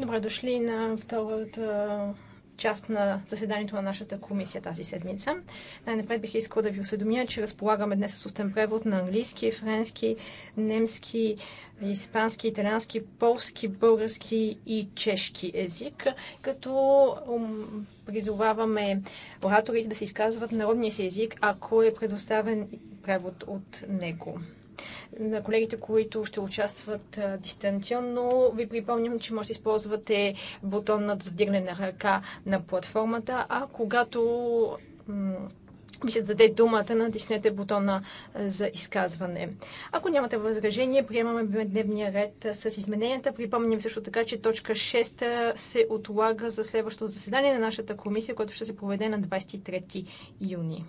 Добре дошли на втората част на заседанието на нашата комисия тази седмица. Най-напред бих искала да ви осведомя, че разполагаме днес с устен превод на английски, френски, немски, испански, италиански, полски, български и чешки език, като призоваваме ораторите да се изказват народния си език, ако е предоставен превод от него на колегите, които ще участват дистанционно. Ви припомням, че може да използвате бутонът за вдигане на ръка на платформата, а когато ви се даде думата, натиснете бутона за изказване. Ако нямате възражение, приемаме дневния ред с измененията. Припомням също така, че точка 6 се отлага за следващото заседание на нашата комисия, което ще се проведе на 23 юни.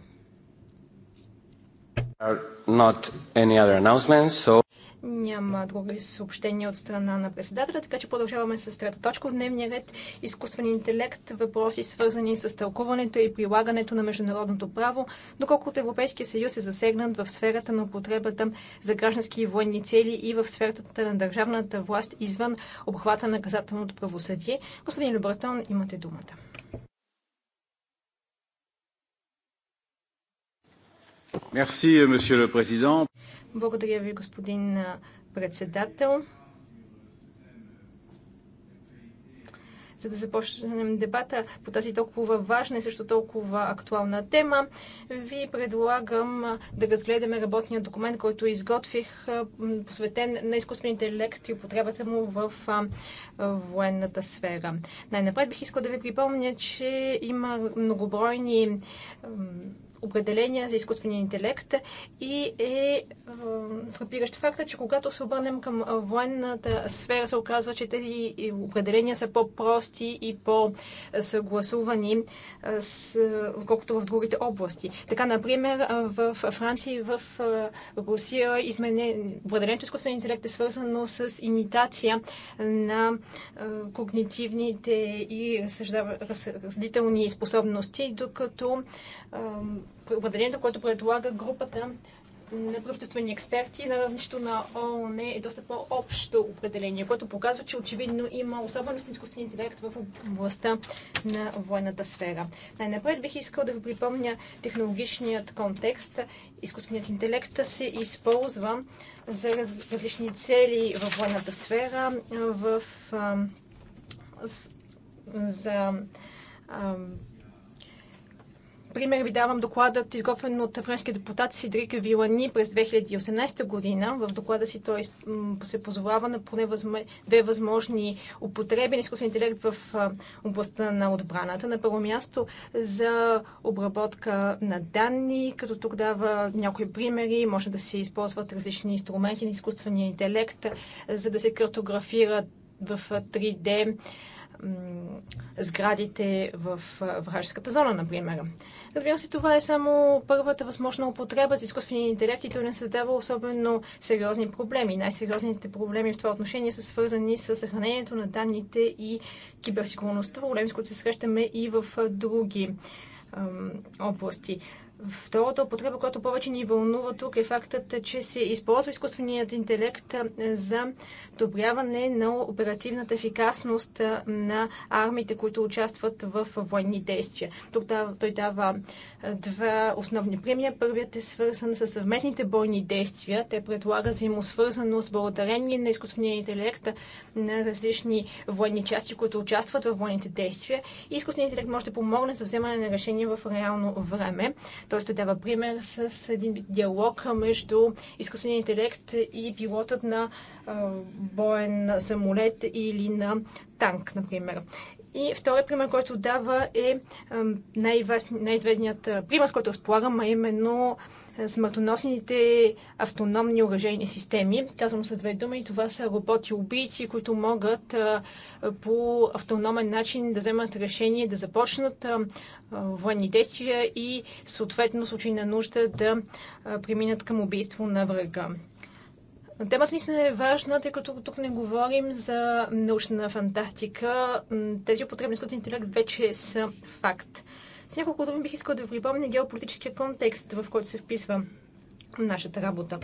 Няма други съобщения от страна на председателя, така че продължаваме с трета точка от дневния ред. Изкуствен интелект, въпроси свързани с тълкуването и прилагането на международното право, доколкото Европейския съюз е засегнат в сферата на употребата за граждански и военни цели и в сферата на държавната власт извън обхвата на казателното правосъдие. Господин Любертон, имате думата. Merci, euh, monsieur le Благодаря ви, господин председател. за да започнем дебата по тази толкова важна и също толкова актуална тема, ви предлагам да разгледаме работния документ, който изготвих, посветен на изкуствените интелект и употребата му в военната сфера. Най-напред бих искал да ви припомня, че има многобройни определения за изкуствения интелект и е фрапиращ факта, че когато се обърнем към военната сфера, се оказва, че тези определения са по-прости и по-съгласувани, колкото в другите области. Така, например, в Франция и в Русия определението изкуствен интелект е свързано с имитация на когнитивните и разсъждителни способности, докато определението, което предлага групата на правителствени експерти на равнището на ООН е доста по-общо определение, което показва, че очевидно има особеност на изкуствения интелект в областта на военната сфера. Най-напред бих искал да ви припомня технологичният контекст. Изкуственият интелект се използва за различни цели в военната сфера, в, за пример ви давам докладът, изготвен от френския депутат Сидрика Вилани през 2018 година. В доклада си той се позовава на поне две възможни употреби на изкуствен интелект в областта на отбраната. На първо място за обработка на данни, като тук дава някои примери. Може да се използват различни инструменти на изкуствения интелект, за да се картографират в 3D сградите в вражеската зона, например. Разбира се, това е само първата възможна употреба за изкуствения интелект и той не създава особено сериозни проблеми. Най-сериозните проблеми в това отношение са свързани с съхранението на данните и киберсигурността, проблеми, с които се срещаме и в други области. Втората употреба, която повече ни вълнува тук е фактът, че се използва изкуственият интелект за добряване на оперативната ефикасност на армиите, които участват в военни действия. Тук той дава два основни премия. Първият е свързан с съвместните бойни действия. Те предлага взаимосвързаност благодарение на изкуствения интелект на различни военни части, които участват в военните действия. И изкуственият интелект може да помогне за вземане на решения в реално време. Той ще дава пример с един диалог между изкуствения интелект и пилотът на боен самолет или на танк, например. И втория пример, който дава е най-известният пример, с който разполагам, а именно смъртоносните автономни оръжейни системи. Казвам се две думи, това са роботи-убийци, които могат по автономен начин да вземат решение да започнат военни действия и съответно случай на нужда да преминат към убийство на врага. Темата се е важна, тъй като тук не говорим за научна фантастика. Тези потребности от интелект вече са факт. С няколко думи бих искал да ви припомня геополитическия контекст, в който се вписва нашата работа.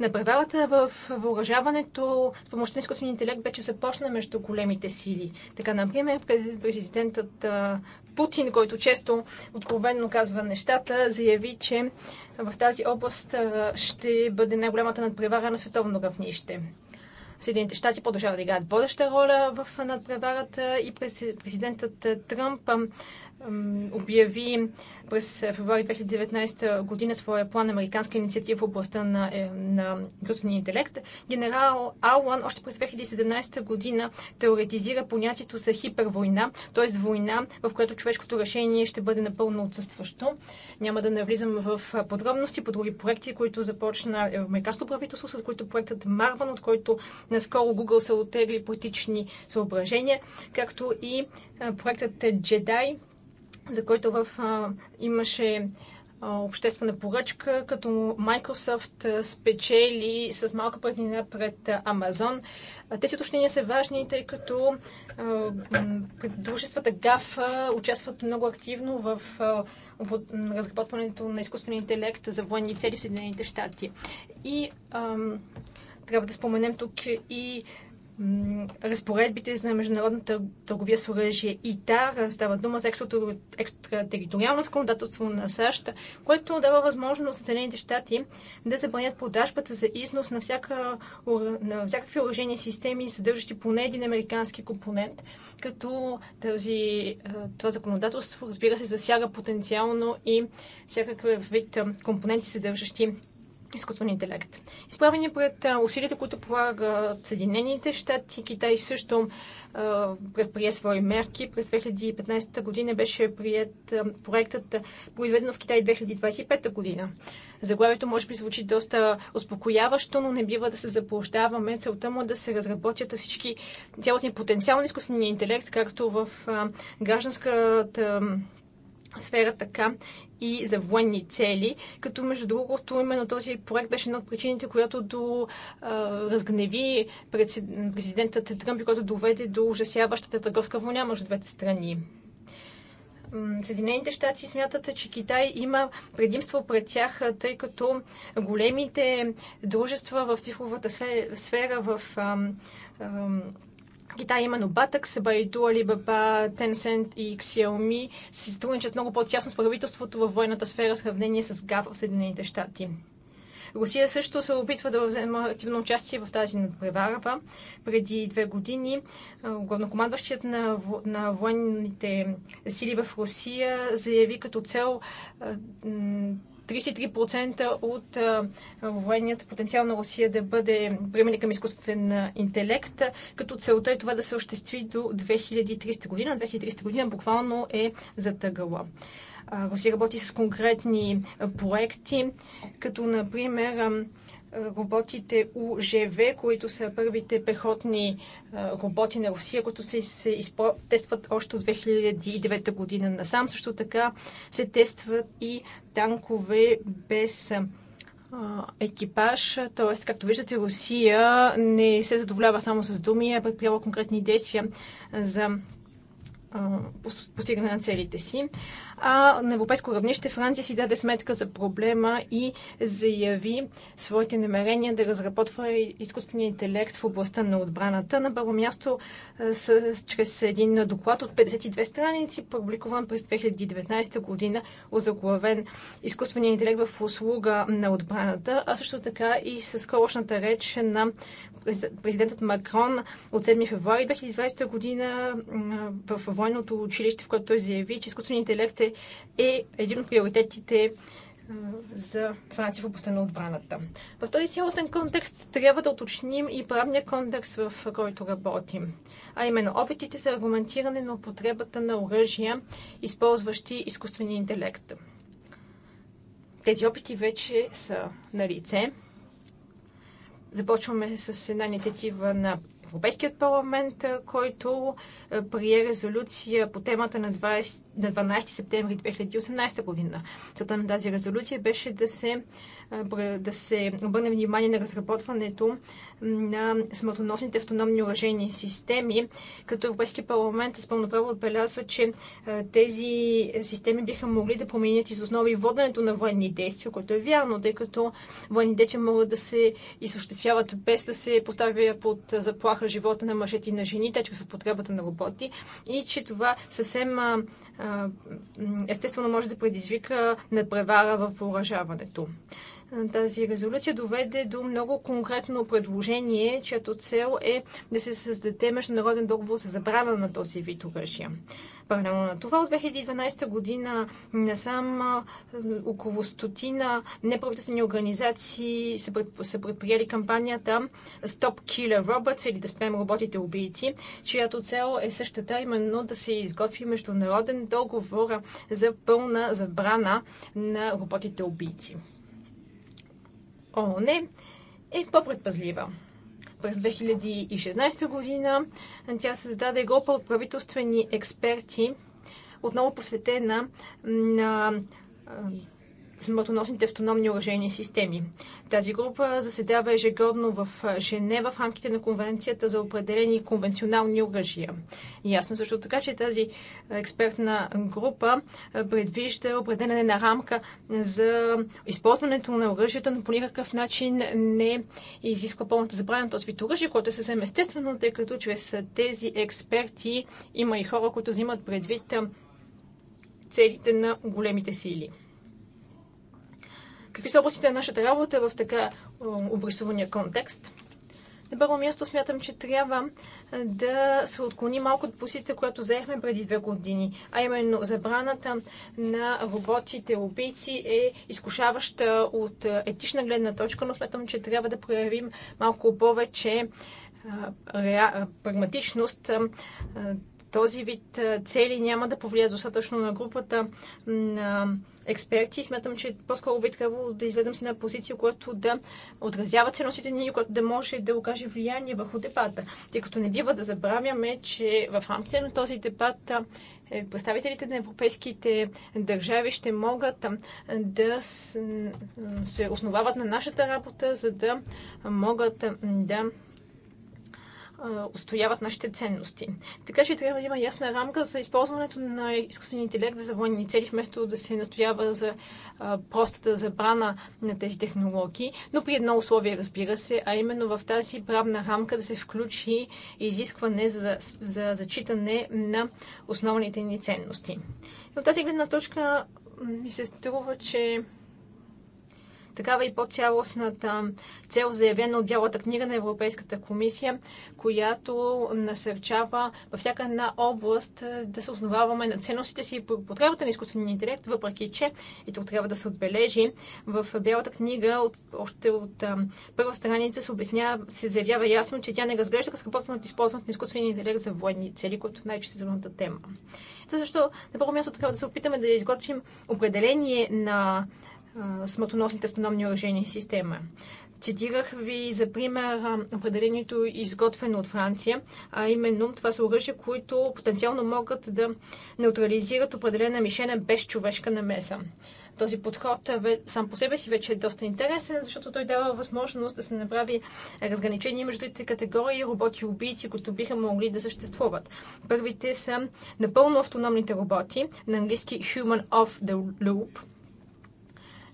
Направелата в въоръжаването с помощта на изкуствения интелект вече започна между големите сили. Така, например, президентът Путин, който често откровенно казва нещата, заяви, че в тази област ще бъде най-голямата надпревара на световно равнище. Съединените щати продължават да играят водеща роля в надпреварата и президентът е, Тръмп е, обяви през февруари 2019 година своя план Американска инициатива в областта на, е, на изкуствения интелект. Генерал Алан още през 2017 година теоретизира понятието за хипервойна, т.е. война, в която човешкото решение ще бъде напълно отсъстващо. Няма да навлизам в подробности по други проекти, които започна е, Американското правителство, с които проектът Марван, от който наскоро Google се отегли политични съображения, както и е, проектът Джедай, за който в, а, имаше обществена поръчка, като Microsoft спечели с малка преднина пред Амазон. Тези уточнения са важни, тъй като дружествата ГАФ участват много активно в разработването на изкуствен интелект за военни цели в Съединените щати. И а, трябва да споменем тук и разпоредбите за международната търговия с оръжие и ТАР. Става дума за екстратериториално законодателство на САЩ, което дава възможност на Съединените щати да забранят продажбата за износ на, всяка, на всякакви оръжени системи, съдържащи поне един американски компонент, като тази, това законодателство, разбира се, засяга потенциално и всякакъв вид компоненти, съдържащи изкуствен интелект. Изправени пред усилията, които полагат Съединените щати, Китай също предприе свои мерки. През 2015 година беше прият проектът произведен в Китай 2025 година. Заглавието може би звучи доста успокояващо, но не бива да се заблуждаваме. Целта му е да се разработят всички цялостни потенциал на изкуствения интелект, както в гражданската сфера, така и за военни цели, като между другото именно този проект беше една от причините, която до а, разгневи президентът Тръмп, който доведе до ужасяващата търговска война между двете страни. Съединените щати смятат, че Китай има предимство пред тях, тъй като големите дружества в цифровата сфера, в Китай, именно Батък, Сабайду, Алибаба, Tencent и Xiaomi се сътрудничат много по-тясно с правителството във военната сфера в сравнение с ГАФ в Съединените щати. Русия също се опитва да взема активно участие в тази надпреварва. Преди две години главнокомандващият на, на военните сили в Русия заяви като цел 33% от военният потенциал на Русия да бъде премени към изкуствен интелект, като целта е това да се осъществи до 2300 година. 2300 година буквално е затъгала. Русия работи с конкретни проекти, като например роботите УЖВ, които са първите пехотни роботи на Русия, които се, се изпро... тестват още от 2009 година насам. Също така се тестват и танкове без екипаж. Т.е. както виждате, Русия не се задоволява само с думи, а е предприява конкретни действия за постигане на целите си а на европейско равнище Франция си даде сметка за проблема и заяви своите намерения да разработва изкуствения интелект в областта на отбраната. На първо място с, чрез един доклад от 52 страници, публикуван през 2019 година, озаглавен изкуствения интелект в услуга на отбраната, а също така и с скорошната реч на президентът Макрон от 7 февруари 2020 година в военното училище, в което той заяви, че изкуственият интелект е е един от приоритетите за Франция в областта на отбраната. В този цялостен контекст трябва да уточним и правния контекст, в който работим, а именно опитите за аргументиране на употребата на оръжия, използващи изкуствения интелект. Тези опити вече са на лице. Започваме с една инициатива на Европейският парламент, който прие резолюция по темата на, 20, на 12 септември 2018 година. Целта на тази резолюция беше да се да се обърне внимание на разработването на смъртоносните автономни уражени системи, като Европейския парламент с пълно право отбелязва, че тези системи биха могли да променят из основи воденето на военни действия, което е вярно, тъй като военни действия могат да се изсъществяват без да се поставя под заплаха живота на мъжете и на жените, чрез употребата на роботи и че това съвсем естествено може да предизвика надпревара в въоръжаването тази резолюция доведе до много конкретно предложение, чиято цел е да се създаде международен договор за забрана на този вид оръжия. Паралелно на това, от 2012 година насам около стотина неправителствени организации са предприели кампанията Stop Killer Robots или да спрем роботите убийци, чиято цел е същата именно да се изготви международен договор за пълна забрана на роботите убийци. ООН е, е по-предпазлива. През 2016 година тя създаде група от правителствени експерти, отново посветена на смъртоносните автономни оръжейни системи. Тази група заседава ежегодно в Женева в рамките на конвенцията за определени конвенционални оръжия. Ясно също така, че тази експертна група предвижда определене на рамка за използването на оръжията, но по никакъв начин не изисква пълната забрана на този вид оръжие, което е съвсем естествено, тъй като чрез тези експерти има и хора, които взимат предвид целите на големите сили. Какви са областите на нашата работа в така обрисувания контекст? На първо място смятам, че трябва да се отклони малко от позицията, която заехме преди две години, а именно забраната на роботите убийци е изкушаваща от етична гледна точка, но смятам, че трябва да проявим малко повече прагматичност. Този вид цели няма да повлия достатъчно на групата на експерти. Смятам, че по-скоро би трябвало да изгледам си на позиция, която да отразява ценностите ни, която да може да окаже влияние върху дебата. Тъй като не бива да забравяме, че в рамките на този дебат е, представителите на европейските държави ще могат да се основават на нашата работа, за да могат да устояват нашите ценности. Така че трябва да има ясна рамка за използването на изкуствения интелект за военни цели, вместо да се настоява за простата забрана на тези технологии, но при едно условие, разбира се, а именно в тази правна рамка да се включи изискване за, за зачитане на основните ни ценности. И от тази гледна точка ми се струва, че Такава и по-цялостната цел заявена от Бялата книга на Европейската комисия, която насърчава във всяка една област да се основаваме на ценностите си и потребата на изкуствения интелект, въпреки че, и тук трябва да се отбележи, в Бялата книга от, още от а, първа страница се обяснява, се заявява ясно, че тя не разглежда с и използването на изкуствения интелект за военни цели, което е най-чувствителната тема. защо на първо място трябва да се опитаме да изготвим определение на смъртоносните автономни оръжени система. Цитирах ви за пример определението изготвено от Франция, а именно това са оръжия, които потенциално могат да неутрализират определена мишена без човешка намеса. Този подход сам по себе си вече е доста интересен, защото той дава възможност да се направи разграничение между трите категории роботи-убийци, които биха могли да съществуват. Първите са напълно автономните роботи, на английски Human of the Loop –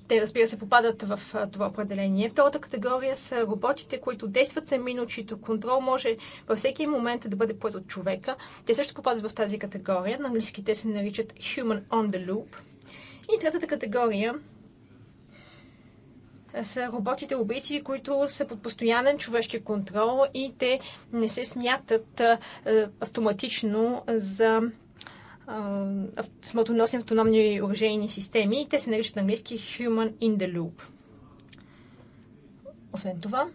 те, разбира се, попадат в това определение. Втората категория са роботите, които действат сами, но чието контрол може във всеки момент да бъде поет от човека. Те също попадат в тази категория. На английски те се наричат Human on the Loop. И третата категория са роботите убийци, които са под постоянен човешки контрол и те не се смятат автоматично за смъртоносни автономни оръжейни системи. Те се наричат на английски Human in the Loop. Освен това,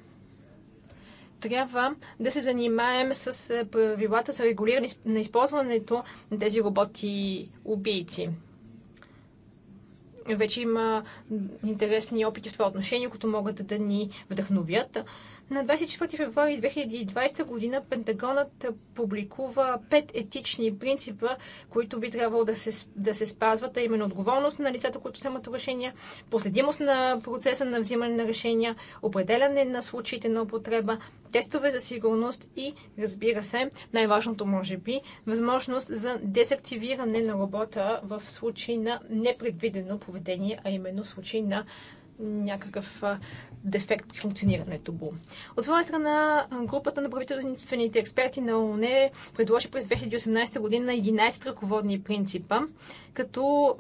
трябва да се занимаем с правилата за регулиране на използването на тези роботи-убийци. Вече има интересни опити в това отношение, които могат да ни вдъхновят. На 24 февруари 2020 година Пентагонът публикува пет етични принципа, които би трябвало да се, да се спазват, а именно отговорност на лицата, които вземат решения, последимост на процеса на взимане на решения, определяне на случаите на употреба, тестове за сигурност и, разбира се, най-важното може би, възможност за дезактивиране на работа в случай на непредвидено поведение, а именно в случай на някакъв дефект при функционирането му. От своя страна, групата на правителствените експерти на ОНЕ предложи през 2018 година 11 ръководни принципа, като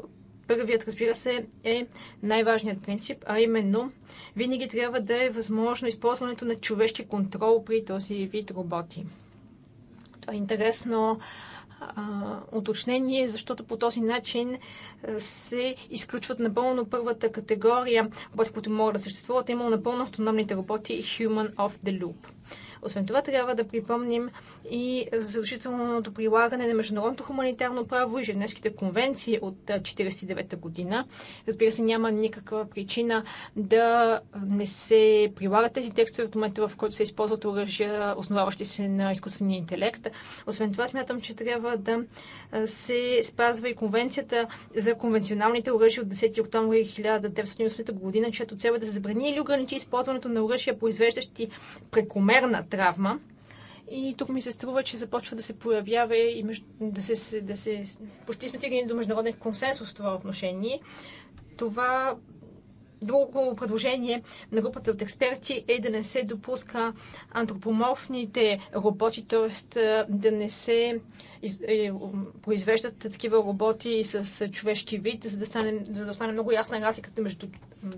първият, разбира се, е най-важният принцип, а именно винаги трябва да е възможно използването на човешки контрол при този вид роботи. Това е интересно а, уточнение, защото по този начин се изключват напълно първата категория роботи, които могат да съществуват, е напълно автономните роботи Human of the Loop. Освен това, трябва да припомним и задължителното прилагане на международното хуманитарно право и Женевските конвенции от 1949 година. Разбира се, няма никаква причина да не се прилагат тези текстове в момента, в който се използват оръжия, основаващи се на изкуствения интелект. Освен това, смятам, че трябва да се спазва и конвенцията за конвенционалните оръжия от 10 октомври 1980 година, чиято цел е да се забрани или ограничи използването на оръжия, произвеждащи прекомерната травма. И тук ми се струва, че започва да се появява и да се, да се... Почти сме стигнали до международен консенсус в това отношение. Това друго предложение на групата от експерти е да не се допуска антропоморфните роботи, т.е. да не се е, произвеждат такива роботи с е, човешки вид, за да, стане, за да остане много ясна разликата между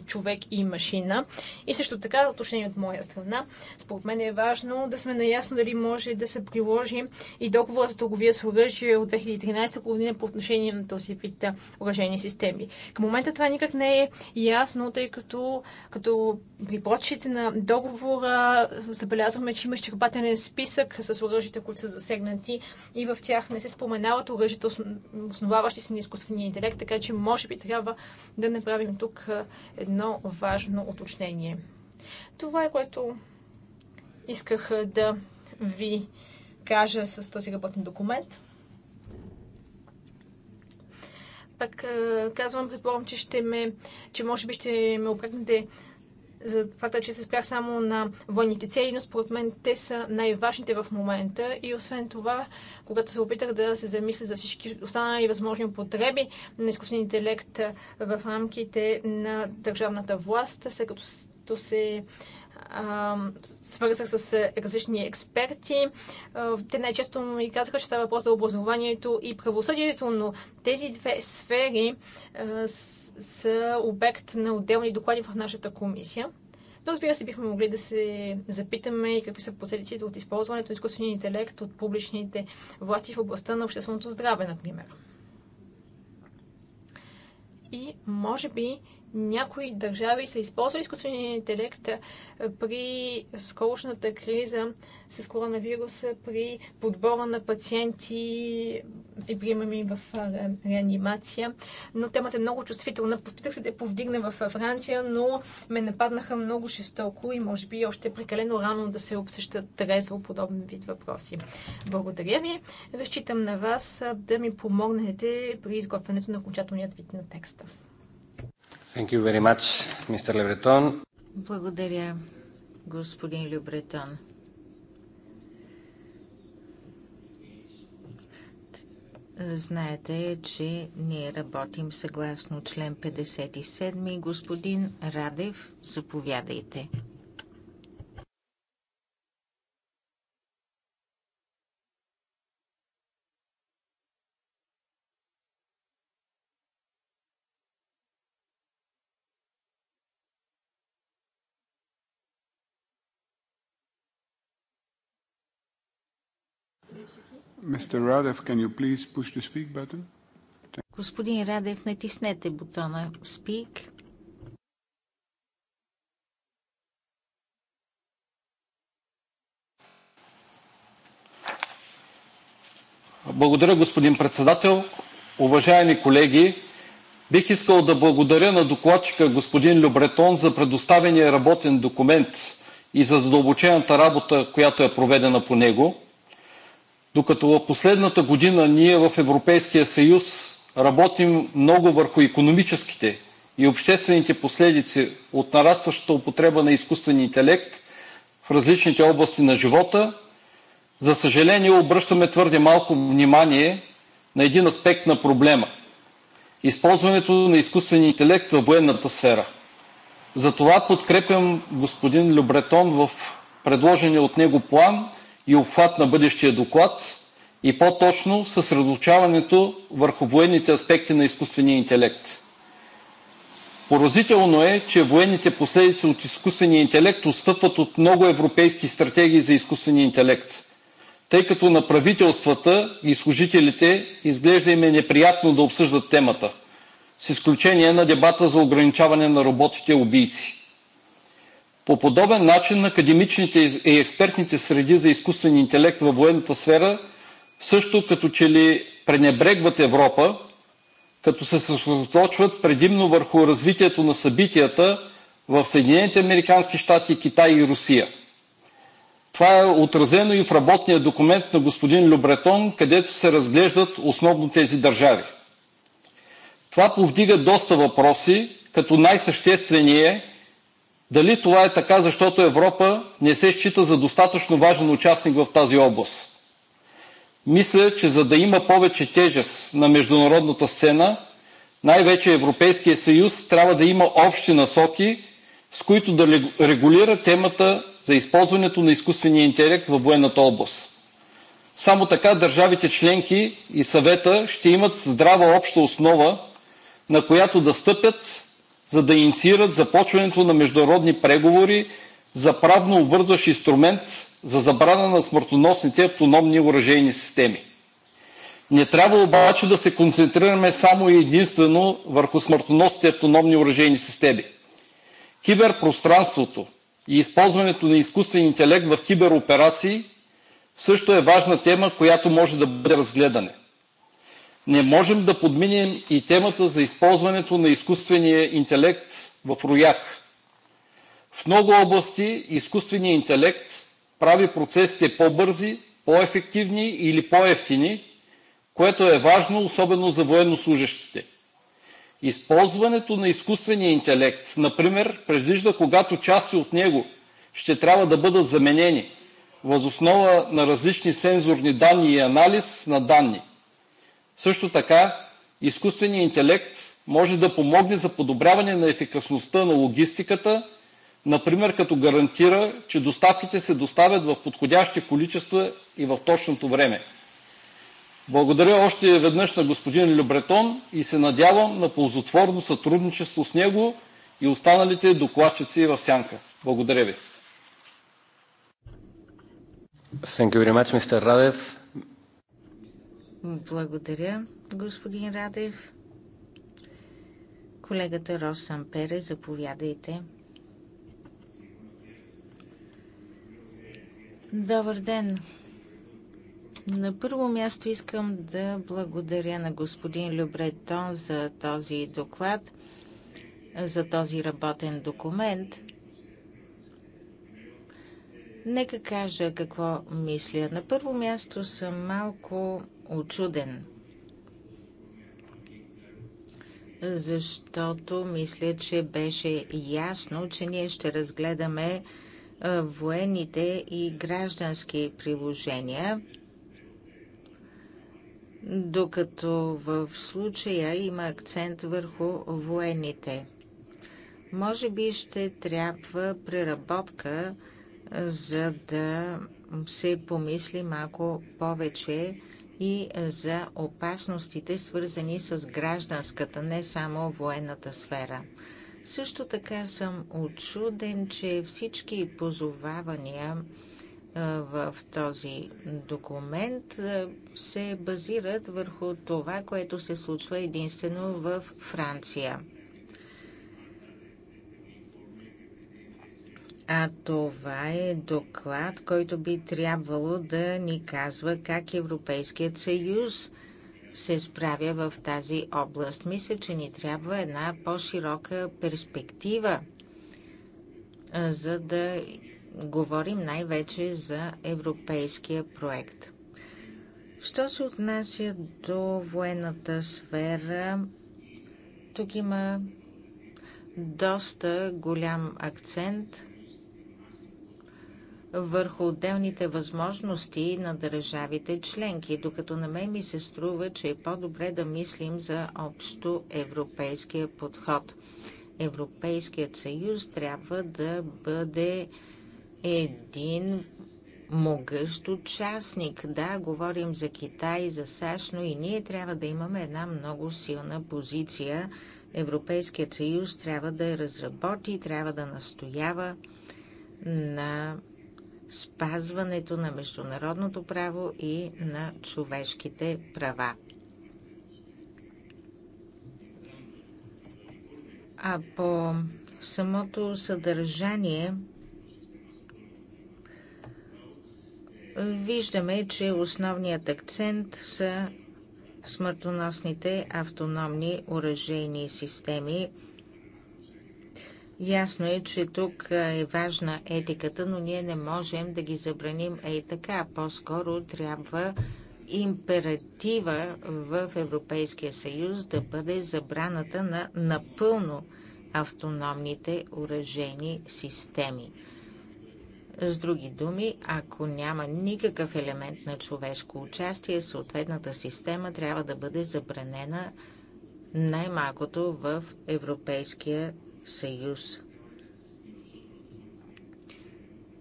човек и машина. И също така, уточнение от моя страна, според мен е важно да сме наясно дали може да се приложи и договора за търговия с оръжие от 2013 година по отношение на този вид оръжени системи. Към момента това никак не е ясно, тъй като, като при прочите на договора забелязваме, че има изчерпателен списък с оръжията, които са засегнати и в тях не се споменават оръжията, основаващи се на изкуствения интелект, така че може би трябва да направим тук едно важно уточнение. Това е което исках да ви кажа с този работен документ. Пак казвам, предполагам, че ще ме, че може би ще ме обръкнете за факта, че се спрях само на военните цели, но според мен те са най-важните в момента. И освен това, когато се опитах да се замисля за всички останали възможни употреби на изкуствен интелект в рамките на държавната власт, след като се свързах с различни експерти. Те най-често ми казаха, че става въпрос за образованието и правосъдието, но тези две сфери а, са обект на отделни доклади в нашата комисия. Но разбира се, бихме могли да се запитаме и какви са последиците от използването на изкуствения интелект от публичните власти в областта на общественото здраве, например. И може би някои държави са използвали изкуствения интелект при скорошната криза с коронавируса, при подбора на пациенти е, и приема ми в реанимация. Но темата е много чувствителна. Попитах се да я повдигна в Франция, но ме нападнаха много жестоко и може би е още прекалено рано да се обсъщат трезво подобен вид въпроси. Благодаря ви. Разчитам на вас да ми помогнете при изготвянето на окончателният вид на текста. Thank you very much, Mr. Lebreton. Благодаря, господин Любретон. Знаете, че ние работим съгласно член 57. Господин Радев, заповядайте. Radev, Господин Радев, натиснете бутона Speak. Благодаря, господин председател. Уважаеми колеги, бих искал да благодаря на докладчика господин Любретон за предоставения работен документ и за задълбочената работа, която е проведена по него. Докато в последната година ние в Европейския съюз работим много върху икономическите и обществените последици от нарастващата употреба на изкуствен интелект в различните области на живота, за съжаление обръщаме твърде малко внимание на един аспект на проблема – използването на изкуствен интелект във военната сфера. Затова подкрепям господин Любретон в предложения от него план и обхват на бъдещия доклад и по-точно съсредоточаването върху военните аспекти на изкуствения интелект. Поразително е, че военните последици от изкуствения интелект отстъпват от много европейски стратегии за изкуствения интелект, тъй като на правителствата и служителите изглежда им е неприятно да обсъждат темата, с изключение на дебата за ограничаване на роботите убийци. По подобен начин академичните и експертните среди за изкуствен интелект във военната сфера също като че ли пренебрегват Европа, като се съсредоточват предимно върху развитието на събитията в Съединените американски щати, Китай и Русия. Това е отразено и в работния документ на господин Любретон, където се разглеждат основно тези държави. Това повдига доста въпроси, като най-същественият е дали това е така, защото Европа не се счита за достатъчно важен участник в тази област? Мисля, че за да има повече тежест на международната сцена, най-вече Европейския съюз трябва да има общи насоки, с които да регулира темата за използването на изкуствения интелект във военната област. Само така държавите членки и съвета ще имат здрава обща основа, на която да стъпят за да инициират започването на международни преговори за правно обвързващ инструмент за забрана на смъртоносните автономни оръжейни системи. Не трябва обаче да се концентрираме само и единствено върху смъртоносните автономни оръжейни системи. Киберпространството и използването на изкуствен интелект в кибероперации също е важна тема, която може да бъде разгледане не можем да подминем и темата за използването на изкуствения интелект в рояк. В много области изкуственият интелект прави процесите по-бързи, по-ефективни или по-евтини, което е важно особено за военнослужащите. Използването на изкуствения интелект, например, предвижда когато части от него ще трябва да бъдат заменени въз основа на различни сензорни данни и анализ на данни – също така изкуственият интелект може да помогне за подобряване на ефикасността на логистиката, например като гарантира, че доставките се доставят в подходящи количества и в точното време. Благодаря още веднъж на господин Любретон и се надявам на ползотворно сътрудничество с него и останалите докладчици в сянка. Благодаря ви. Thank you very much, Mr. Radev. Благодаря, господин Радев. Колегата Росан Пере, заповядайте. Добър ден! На първо място искам да благодаря на господин Любретон за този доклад, за този работен документ. Нека кажа какво мисля. На първо място съм малко очуден, защото мисля, че беше ясно, че ние ще разгледаме военните и граждански приложения, докато в случая има акцент върху военните. Може би ще трябва преработка, за да се помисли малко повече и е, за опасностите, свързани с гражданската, не само военната сфера. Също така съм очуден, че всички позовавания е, в този документ е, се базират върху това, което се случва единствено в Франция. А това е доклад, който би трябвало да ни казва как Европейският съюз се справя в тази област. Мисля, че ни трябва една по-широка перспектива, за да говорим най-вече за европейския проект. Що се отнася до военната сфера, тук има доста голям акцент върху отделните възможности на държавите членки, докато на мен ми се струва, че е по-добре да мислим за общо европейския подход. Европейският съюз трябва да бъде един могъщ участник. Да, говорим за Китай, за САЩ, но и ние трябва да имаме една много силна позиция. Европейският съюз трябва да я разработи, трябва да настоява на спазването на международното право и на човешките права. А по самото съдържание виждаме, че основният акцент са смъртоносните автономни оръжейни системи – Ясно е, че тук е важна етиката, но ние не можем да ги забраним ей така. По-скоро трябва императива в Европейския съюз да бъде забраната на напълно автономните уражени системи. С други думи, ако няма никакъв елемент на човешко участие, съответната система трябва да бъде забранена най-малкото в Европейския съюз.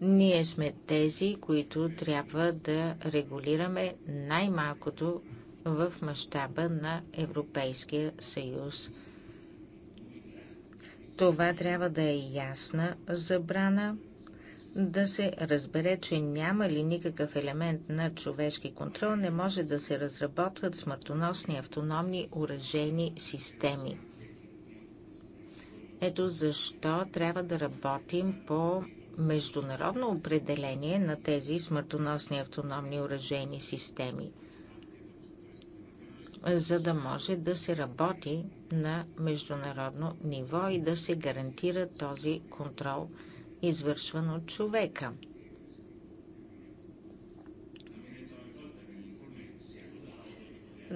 Ние сме тези, които трябва да регулираме най-малкото в мащаба на Европейския съюз. Това трябва да е ясна забрана, да се разбере, че няма ли никакъв елемент на човешки контрол, не може да се разработват смъртоносни автономни уражени системи. Ето защо трябва да работим по международно определение на тези смъртоносни автономни оръжейни системи, за да може да се работи на международно ниво и да се гарантира този контрол, извършван от човека.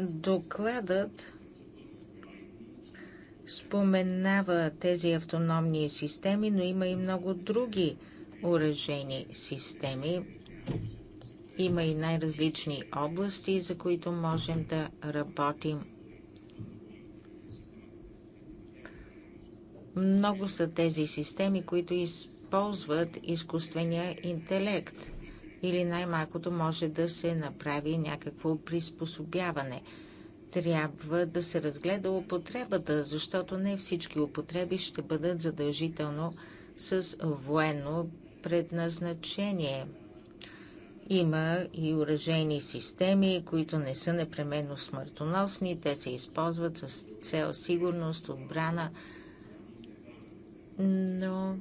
Докладът споменава тези автономни системи, но има и много други уражени системи. Има и най-различни области, за които можем да работим. Много са тези системи, които използват изкуствения интелект или най-малкото може да се направи някакво приспособяване – трябва да се разгледа употребата, защото не всички употреби ще бъдат задължително с военно предназначение. Има и уражени системи, които не са непременно смъртоносни. Те се използват с цел сигурност, отбрана, но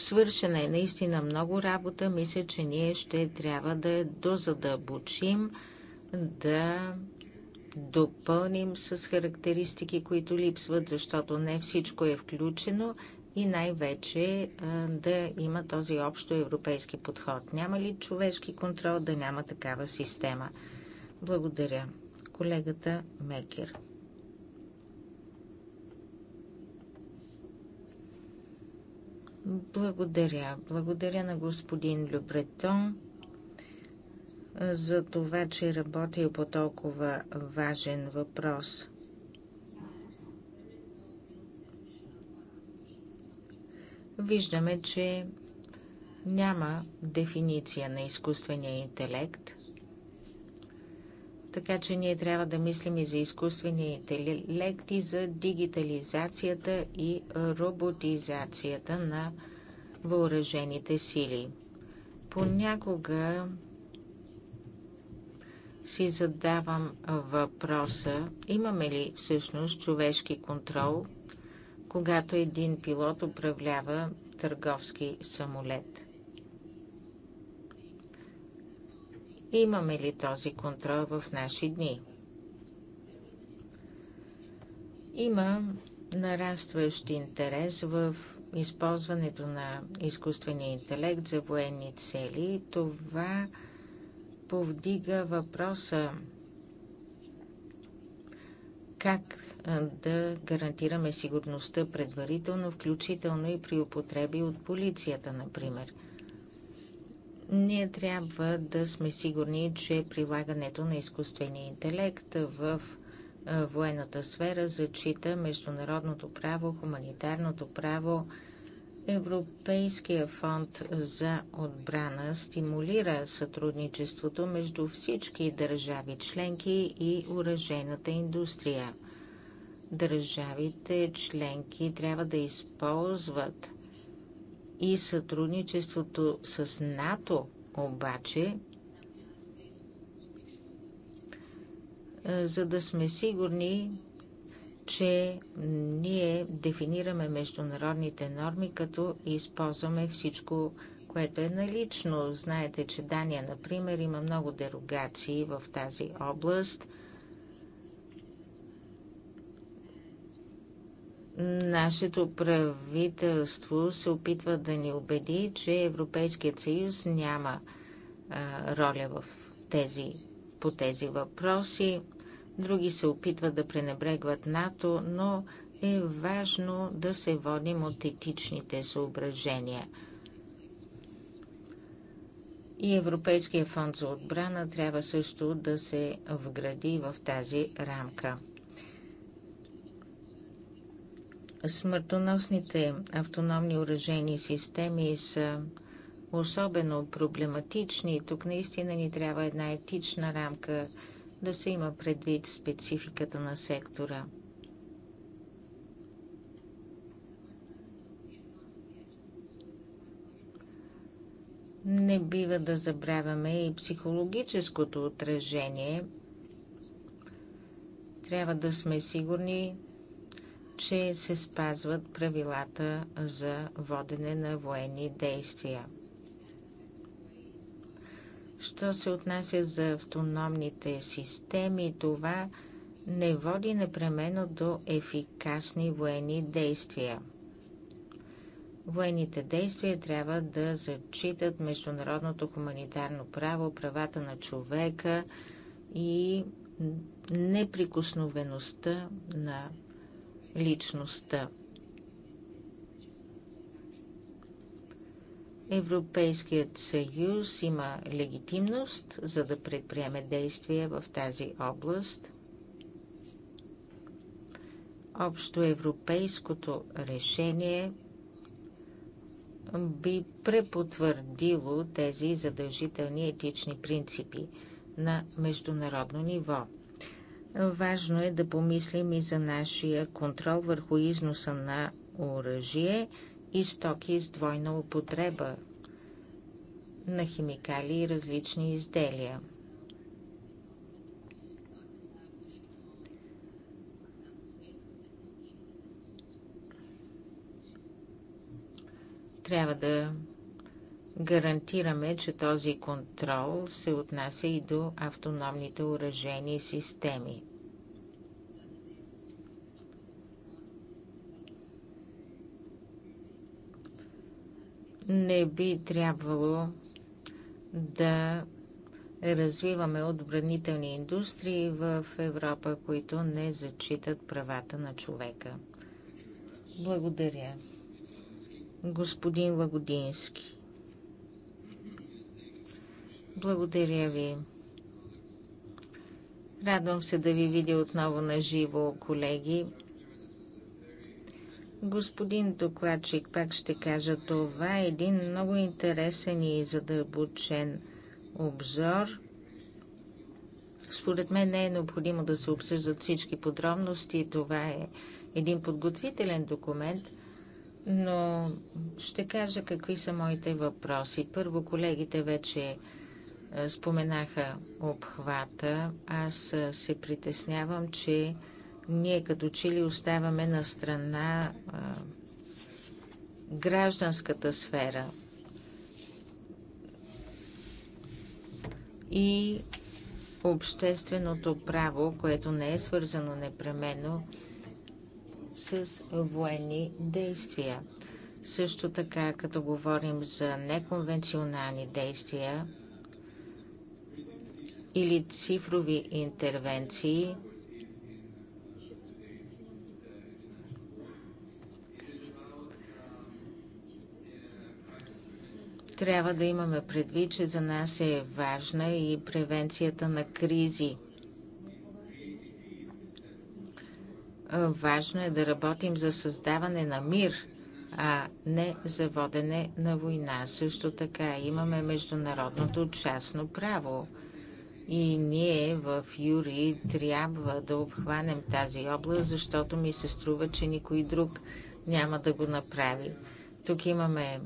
Свършена е наистина много работа. Мисля, че ние ще трябва да я дозадълбочим, да допълним с характеристики, които липсват, защото не всичко е включено и най-вече да има този общо европейски подход. Няма ли човешки контрол да няма такава система? Благодаря. Колегата Мекер. Благодаря. Благодаря на господин Любретон за това, че е работи по толкова важен въпрос. Виждаме, че няма дефиниция на изкуствения интелект – така че ние трябва да мислим и за изкуствения интелект и за дигитализацията и роботизацията на въоръжените сили. Понякога си задавам въпроса, имаме ли всъщност човешки контрол, когато един пилот управлява търговски самолет – Имаме ли този контрол в наши дни? Има нарастващ интерес в използването на изкуствения интелект за военни цели. Това повдига въпроса как да гарантираме сигурността предварително, включително и при употреби от полицията, например – ние трябва да сме сигурни, че прилагането на изкуствения интелект в военната сфера зачита международното право, хуманитарното право. Европейския фонд за отбрана стимулира сътрудничеството между всички държави членки и уражената индустрия. Държавите членки трябва да използват и сътрудничеството с НАТО обаче, е, за да сме сигурни, че ние дефинираме международните норми, като използваме всичко, което е налично. Знаете, че Дания, например, има много дерогации в тази област – Нашето правителство се опитва да ни убеди, че Европейският съюз няма а, роля в тези, по тези въпроси. Други се опитват да пренебрегват НАТО, но е важно да се водим от етичните съображения. И Европейския фонд за отбрана трябва също да се вгради в тази рамка. Смъртоносните автономни оръжени системи са особено проблематични и тук наистина ни трябва една етична рамка да се има предвид спецификата на сектора. Не бива да забравяме и психологическото отражение. Трябва да сме сигурни, че се спазват правилата за водене на военни действия. Що се отнася за автономните системи, това не води непременно до ефикасни военни действия. Военните действия трябва да зачитат международното хуманитарно право, правата на човека и неприкосновеността на личността. Европейският съюз има легитимност за да предприеме действия в тази област. Общо европейското решение би препотвърдило тези задължителни етични принципи на международно ниво – Важно е да помислим и за нашия контрол върху износа на оръжие и стоки с двойна употреба на химикали и различни изделия. Трябва да гарантираме, че този контрол се отнася и до автономните уражени системи. Не би трябвало да развиваме отбранителни индустрии в Европа, които не зачитат правата на човека. Благодаря. Господин Лагодински. Благодаря ви. Радвам се да ви видя отново на живо, колеги. Господин докладчик, пак ще кажа, това е един много интересен и задълбочен обзор. Според мен не е необходимо да се обсъждат всички подробности. Това е един подготвителен документ, но ще кажа какви са моите въпроси. Първо, колегите вече е, споменаха обхвата. Аз е, се притеснявам, че ние като че ли оставаме на страна е, гражданската сфера. И общественото право, което не е свързано непременно с военни действия. Също така, като говорим за неконвенционални действия, или цифрови интервенции, трябва да имаме предвид, че за нас е важна и превенцията на кризи. Важно е да работим за създаване на мир, а не за водене на война. Също така имаме международното частно право – и ние в Юри трябва да обхванем тази област, защото ми се струва, че никой друг няма да го направи. Тук имаме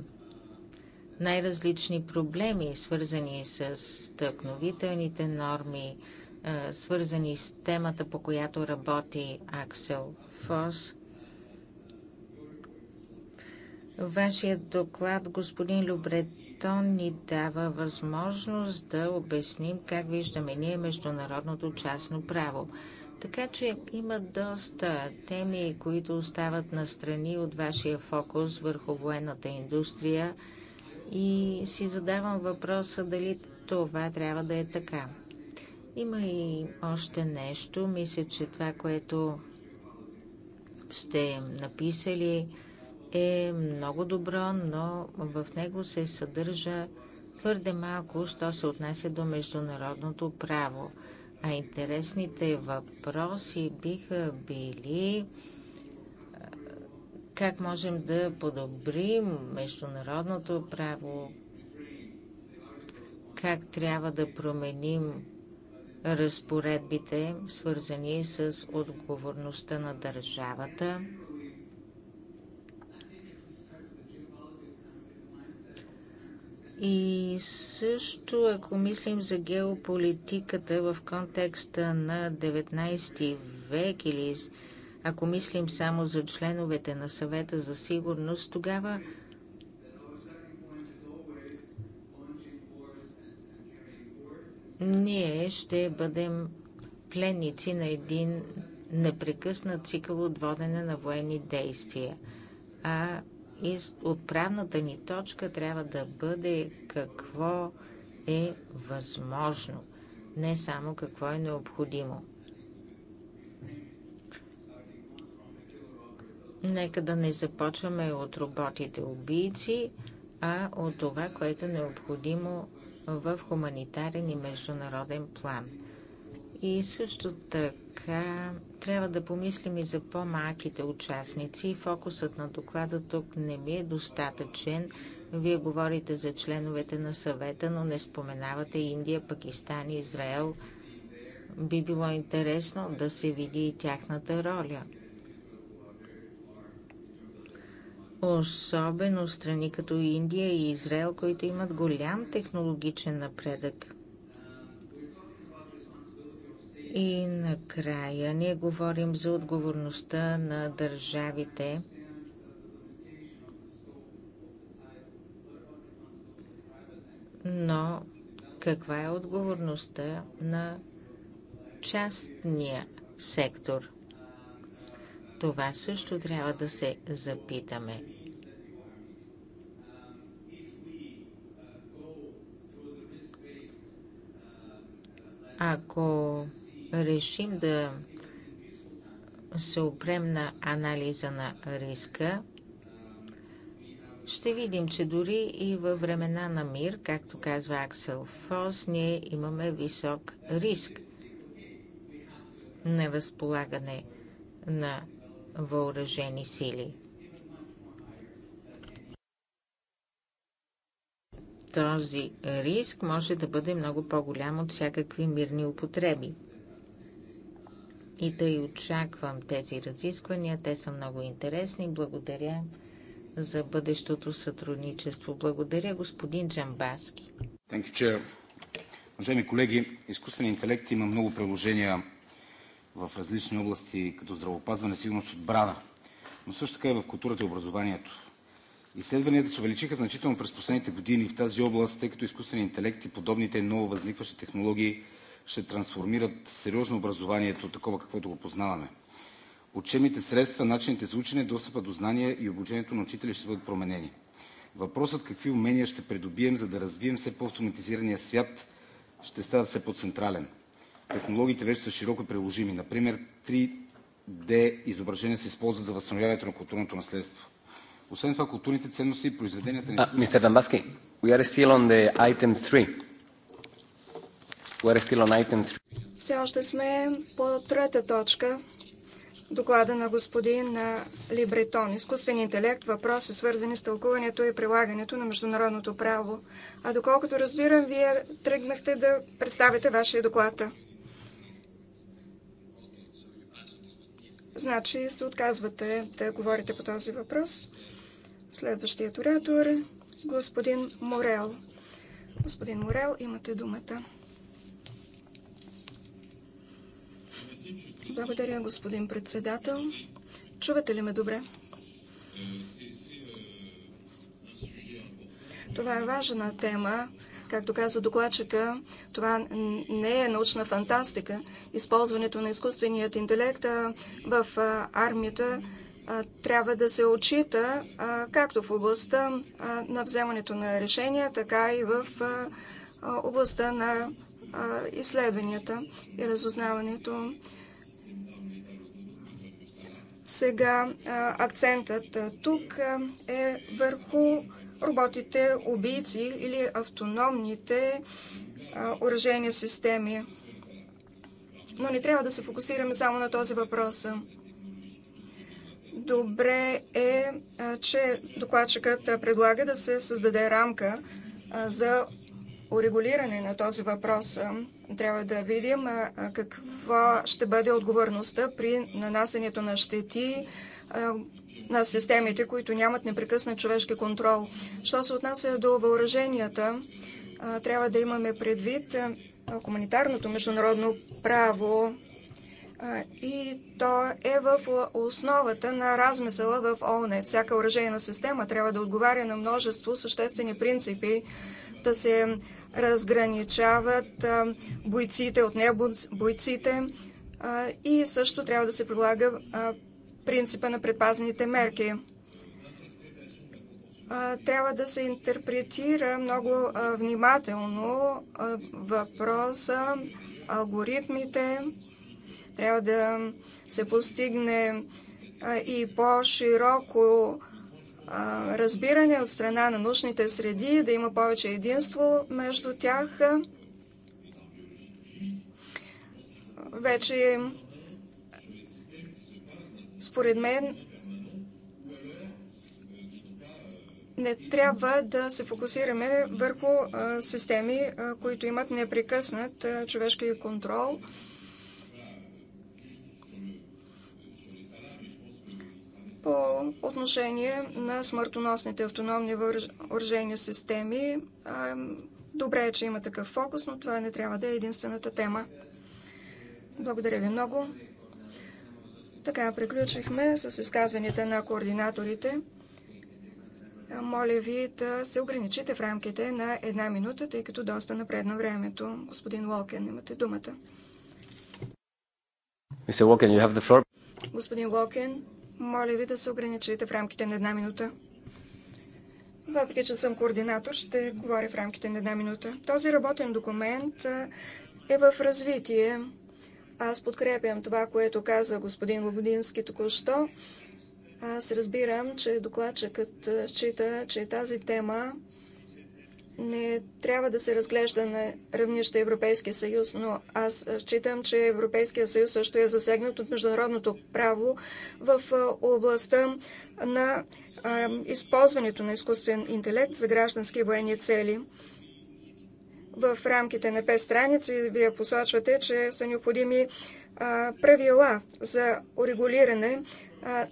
най-различни проблеми, свързани с тъкновителните норми, е, свързани с темата, по която работи Аксел Фос. Вашият доклад, господин Любрет, то ни дава възможност да обясним как виждаме ние международното частно право. Така че има доста теми, които остават настрани от вашия фокус върху военната индустрия и си задавам въпроса дали това трябва да е така. Има и още нещо. Мисля, че това, което сте написали, е много добро, но в него се съдържа твърде малко, що се отнася до международното право. А интересните въпроси биха били как можем да подобрим международното право, как трябва да променим разпоредбите, свързани с отговорността на държавата – И също, ако мислим за геополитиката в контекста на 19 век или ако мислим само за членовете на съвета за сигурност, тогава ние ще бъдем пленници на един непрекъснат цикъл от водене на военни действия. А отправната ни точка трябва да бъде какво е възможно, не само какво е необходимо. Нека да не започваме от роботите убийци, а от това, което е необходимо в хуманитарен и международен план. И също така трябва да помислим и за по-малките участници. Фокусът на доклада тук не ми е достатъчен. Вие говорите за членовете на съвета, но не споменавате Индия, Пакистан и Израел. Би било интересно да се види и тяхната роля. Особено страни като Индия и Израел, които имат голям технологичен напредък. И накрая ние говорим за отговорността на държавите Но каква е отговорността на частния сектор? Това също трябва да се запитаме. Ако решим да се опрем на анализа на риска, ще видим, че дори и във времена на мир, както казва Аксел Фос, ние имаме висок риск на възполагане на въоръжени сили. Този риск може да бъде много по-голям от всякакви мирни употреби и да и очаквам тези разисквания. Те са много интересни. Благодаря за бъдещото сътрудничество. Благодаря, господин Джамбаски. Thank you, Chair. Уважаеми колеги, изкуствен интелект има много приложения в различни области, като здравопазване, сигурност, отбрана, но също така и в културата и образованието. Изследванията се увеличиха значително през последните години в тази област, тъй като изкуственият интелект и подобните ново възникващи технологии ще трансформират сериозно образованието, такова каквото го познаваме. Учебните средства, начините за учене, достъпа до знания и обучението на учители ще бъдат променени. Въпросът какви умения ще придобием, за да развием все по-автоматизирания свят, ще става все по-централен. Технологиите вече са широко приложими. Например, 3D изображения се използват за възстановяването на културното наследство. Освен това, културните ценности и произведенията... Uh, Мистер Dambaski, we are still on the item 3. Все още сме по трета точка. Доклада на господин Либретон. Изкуствен интелект, въпроси свързани с тълкуването и прилагането на международното право. А доколкото разбирам, вие тръгнахте да представите вашия доклад. Значи се отказвате да говорите по този въпрос. Следващият оратор господин Морел. Господин Морел, имате думата. Благодаря, господин председател. Чувате ли ме добре? Това е важна тема. Както каза докладчика, това не е научна фантастика. Използването на изкуственият интелект в армията трябва да се отчита както в областта на вземането на решения, така и в областта на изследванията и разузнаването. Сега акцентът тук е върху роботите убийци или автономните оръжейни системи. Но не трябва да се фокусираме само на този въпрос. Добре е, че докладчикът предлага да се създаде рамка за урегулиране на този въпрос. Трябва да видим каква ще бъде отговорността при нанасянето на щети на системите, които нямат непрекъснат човешки контрол. Що се отнася до въоръженията, трябва да имаме предвид хуманитарното международно право и то е в основата на размисъла в ООН. Всяка оръжейна система трябва да отговаря на множество съществени принципи, да се разграничават бойците от небойците и също трябва да се прилага принципа на предпазните мерки. Трябва да се интерпретира много внимателно въпроса, алгоритмите, трябва да се постигне и по-широко разбиране от страна на научните среди, да има повече единство между тях. Вече, според мен, не трябва да се фокусираме върху системи, които имат непрекъснат човешки контрол – по отношение на смъртоносните автономни въоръжени системи. Добре е, че има такъв фокус, но това не трябва да е единствената тема. Благодаря ви много. Така, приключихме с изказванията на координаторите. Моля ви да се ограничите в рамките на една минута, тъй като доста напредна времето. Господин Локен, имате думата. Господин Локен, моля ви да се ограничите в рамките на една минута. Въпреки, че съм координатор, ще говоря в рамките на една минута. Този работен документ е в развитие. Аз подкрепям това, което каза господин Лободински току-що. Аз разбирам, че докладчикът счита, че тази тема не трябва да се разглежда на равнище Европейския съюз, но аз считам, че Европейския съюз също е засегнат от международното право в областта на използването на изкуствен интелект за граждански и военни цели. В рамките на 5 страници вие посочвате, че са необходими правила за урегулиране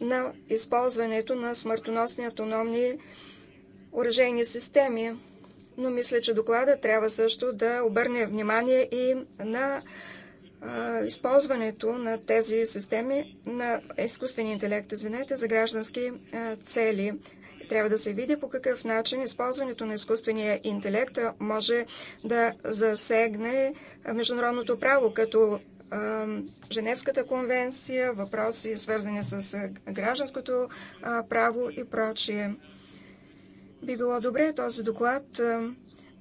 на използването на смъртоносни автономни оръжейни системи но мисля, че доклада трябва също да обърне внимание и на използването на тези системи на изкуствения интелект, извинете, за граждански цели. Трябва да се види по какъв начин използването на изкуствения интелект може да засегне международното право, като Женевската конвенция, въпроси свързани с гражданското право и прочие. Би било добре този доклад е,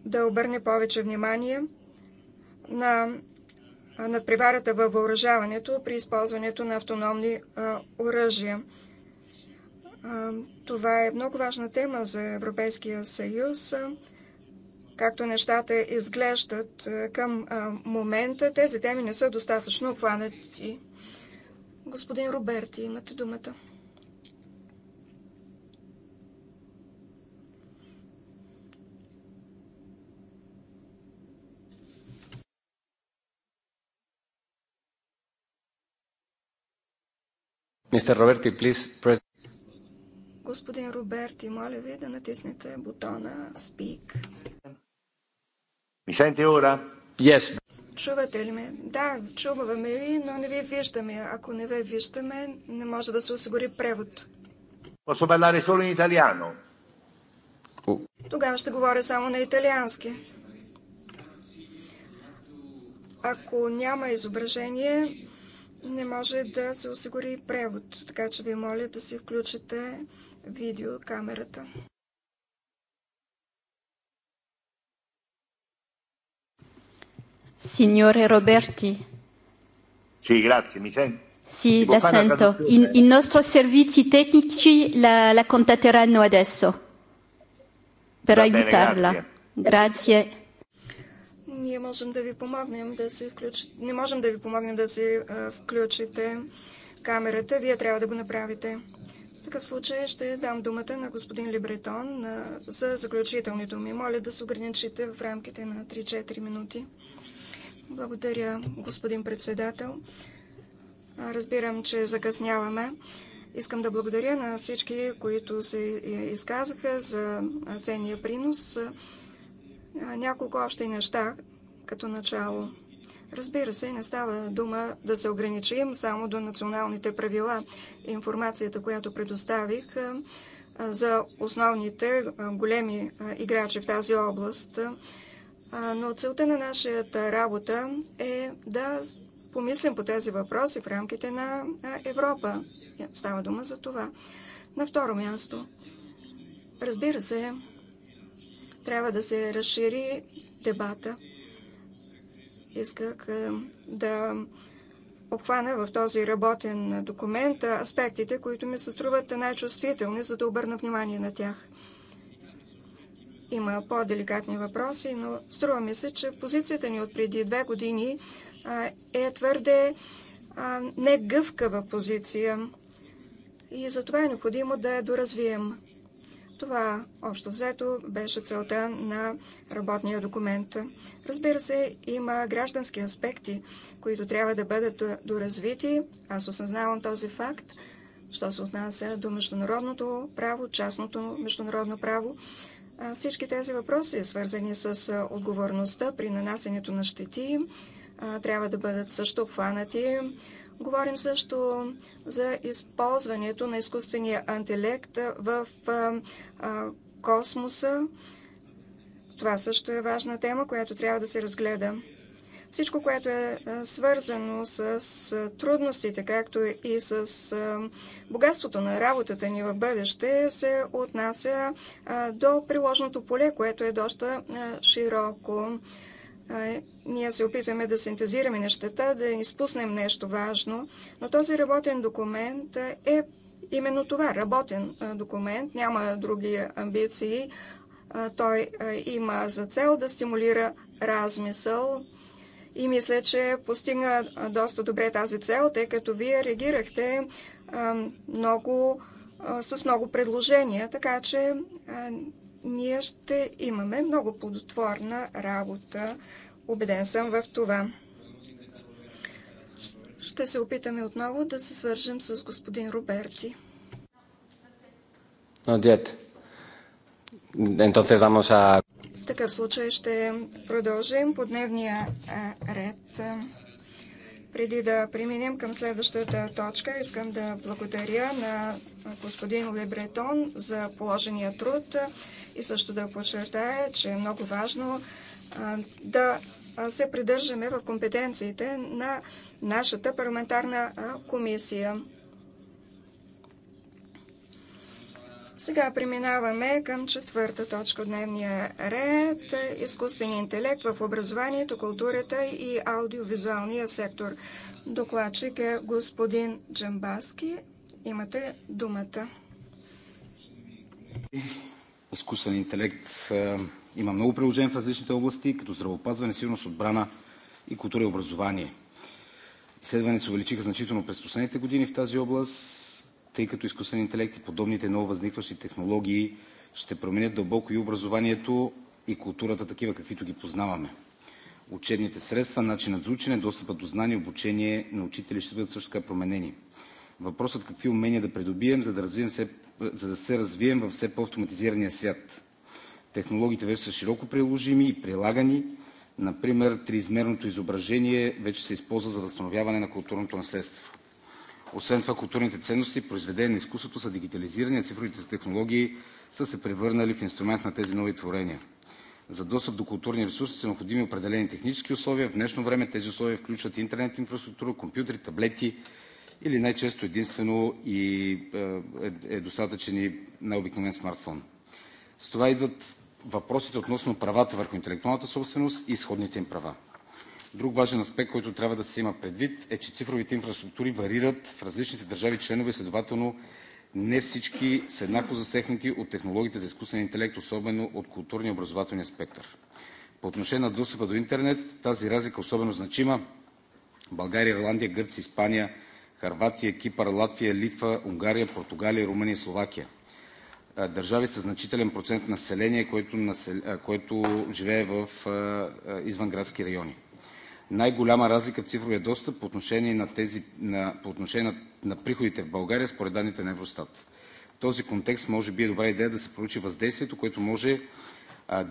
да обърне повече внимание на е, надпреварата във въоръжаването при използването на автономни е, оръжия. Това е много важна тема за Европейския съюз. Както нещата изглеждат към момента, тези теми не са достатъчно обхванати. Господин Роберти, имате думата. Мистер Роберти, please Господин Роберти, моля ви да натиснете бутона Speak. Ми сенте ора? Yes. Чувате ли ме? Да, чуваме ви, но не ви виждаме. Ако не ви виждаме, не може да се осигури превод. Posso parlare solo in italiano? Тогава ще говоря само на италиански. Ако няма изображение, не може да се осигури превод, така че ви моля да си включите видеокамерата. Signore Roberti. Sì, grazie, mi sento. Sì, la sento. I, nostri servizi tecnici la, la contatteranno adesso per Va aiutarla. Bene, grazie. grazie. Ние можем да ви помогнем да се включите. Не можем да ви помогнем да се включите камерата. Вие трябва да го направите. В такъв случай ще дам думата на господин Либретон за заключителни думи. Моля да се ограничите в рамките на 3-4 минути. Благодаря, господин председател. Разбирам, че закъсняваме. Искам да благодаря на всички, които се е, изказаха за ценния принос няколко още неща като начало. Разбира се, не става дума да се ограничим само до националните правила. Информацията, която предоставих за основните големи играчи в тази област. Но целта на нашата работа е да помислим по тези въпроси в рамките на Европа. Става дума за това. На второ място. Разбира се, трябва да се разшири дебата. Исках е, да обхвана в този работен документ аспектите, които ми се струват най-чувствителни, за да обърна внимание на тях. Има по-деликатни въпроси, но струва ми се, че позицията ни от преди две години е твърде негъвкава позиция и затова е необходимо да я доразвием. Това общо взето беше целта на работния документ. Разбира се, има граждански аспекти, които трябва да бъдат доразвити. Аз осъзнавам този факт, що се отнася до международното право, частното международно право. Всички тези въпроси, свързани с отговорността при нанасенето на щети, трябва да бъдат също обхванати. Говорим също за използването на изкуствения интелект в космоса. Това също е важна тема, която трябва да се разгледа. Всичко, което е свързано с трудностите, както и с богатството на работата ни в бъдеще, се отнася до приложното поле, което е доста широко. Ние се опитваме да синтезираме нещата, да изпуснем нещо важно, но този работен документ е именно това е работен документ, няма други амбиции. Той има за цел да стимулира размисъл и мисля, че постигна доста добре тази цел, тъй като вие реагирахте много, с много предложения, така че ние ще имаме много плодотворна работа. Убеден съм в това. Ще се опитаме отново да се свържем с господин Роберти. В такъв случай ще продължим по дневния ред. Преди да преминем към следващата точка, искам да благодаря на господин Лебретон за положения труд и също да подчертая, че е много важно да се придържаме в компетенциите на нашата парламентарна комисия. Сега преминаваме към четвърта точка от дневния ред – изкуствени интелект в образованието, културата и аудиовизуалния сектор. Докладчик е господин Джамбаски. Имате думата. Изкуствен интелект има много приложения в различните области, като здравеопазване, сигурност, отбрана, и култура и образование. Изследванията се увеличиха значително през последните години в тази област, тъй като изкуствен интелект и подобните възникващи технологии ще променят дълбоко и образованието, и културата такива, каквито ги познаваме. Учебните средства, начинът за учене, достъпът до знания, обучение на учители ще бъдат също така променени. Въпросът какви умения да придобием, за да се развием в все по-автоматизирания свят. Технологиите вече са широко приложими и прилагани. Например триизмерното изображение вече се използва за възстановяване на културното наследство. Освен това културните ценности и произведения на изкуството са дигитализирани, а цифровите технологии са се превърнали в инструмент на тези нови творения. За достъп до културни ресурси са необходими определени технически условия. В днешно време тези условия включват интернет инфраструктура, компютри, таблети или най-често единствено и е, е, е достатъчен и най-обикновен смартфон. С това идват въпросите относно правата върху интелектуалната собственост и сходните им права. Друг важен аспект, който трябва да се има предвид, е, че цифровите инфраструктури варират в различните държави членове следователно не всички са еднакво засегнати от технологиите за изкуствен интелект, особено от културния и образователния спектър. По отношение на достъпа до интернет тази разлика е особено значима. България, Ирландия, Гърция, Испания, Харватия, Кипър, Латвия, Литва, Унгария, Португалия, Румъния и Словакия държави с значителен процент население, което живее в извънградски райони. Най-голяма разлика в цифровия достъп по отношение на приходите в България според данните на Евростат. В този контекст може би е добра идея да се проучи въздействието, което може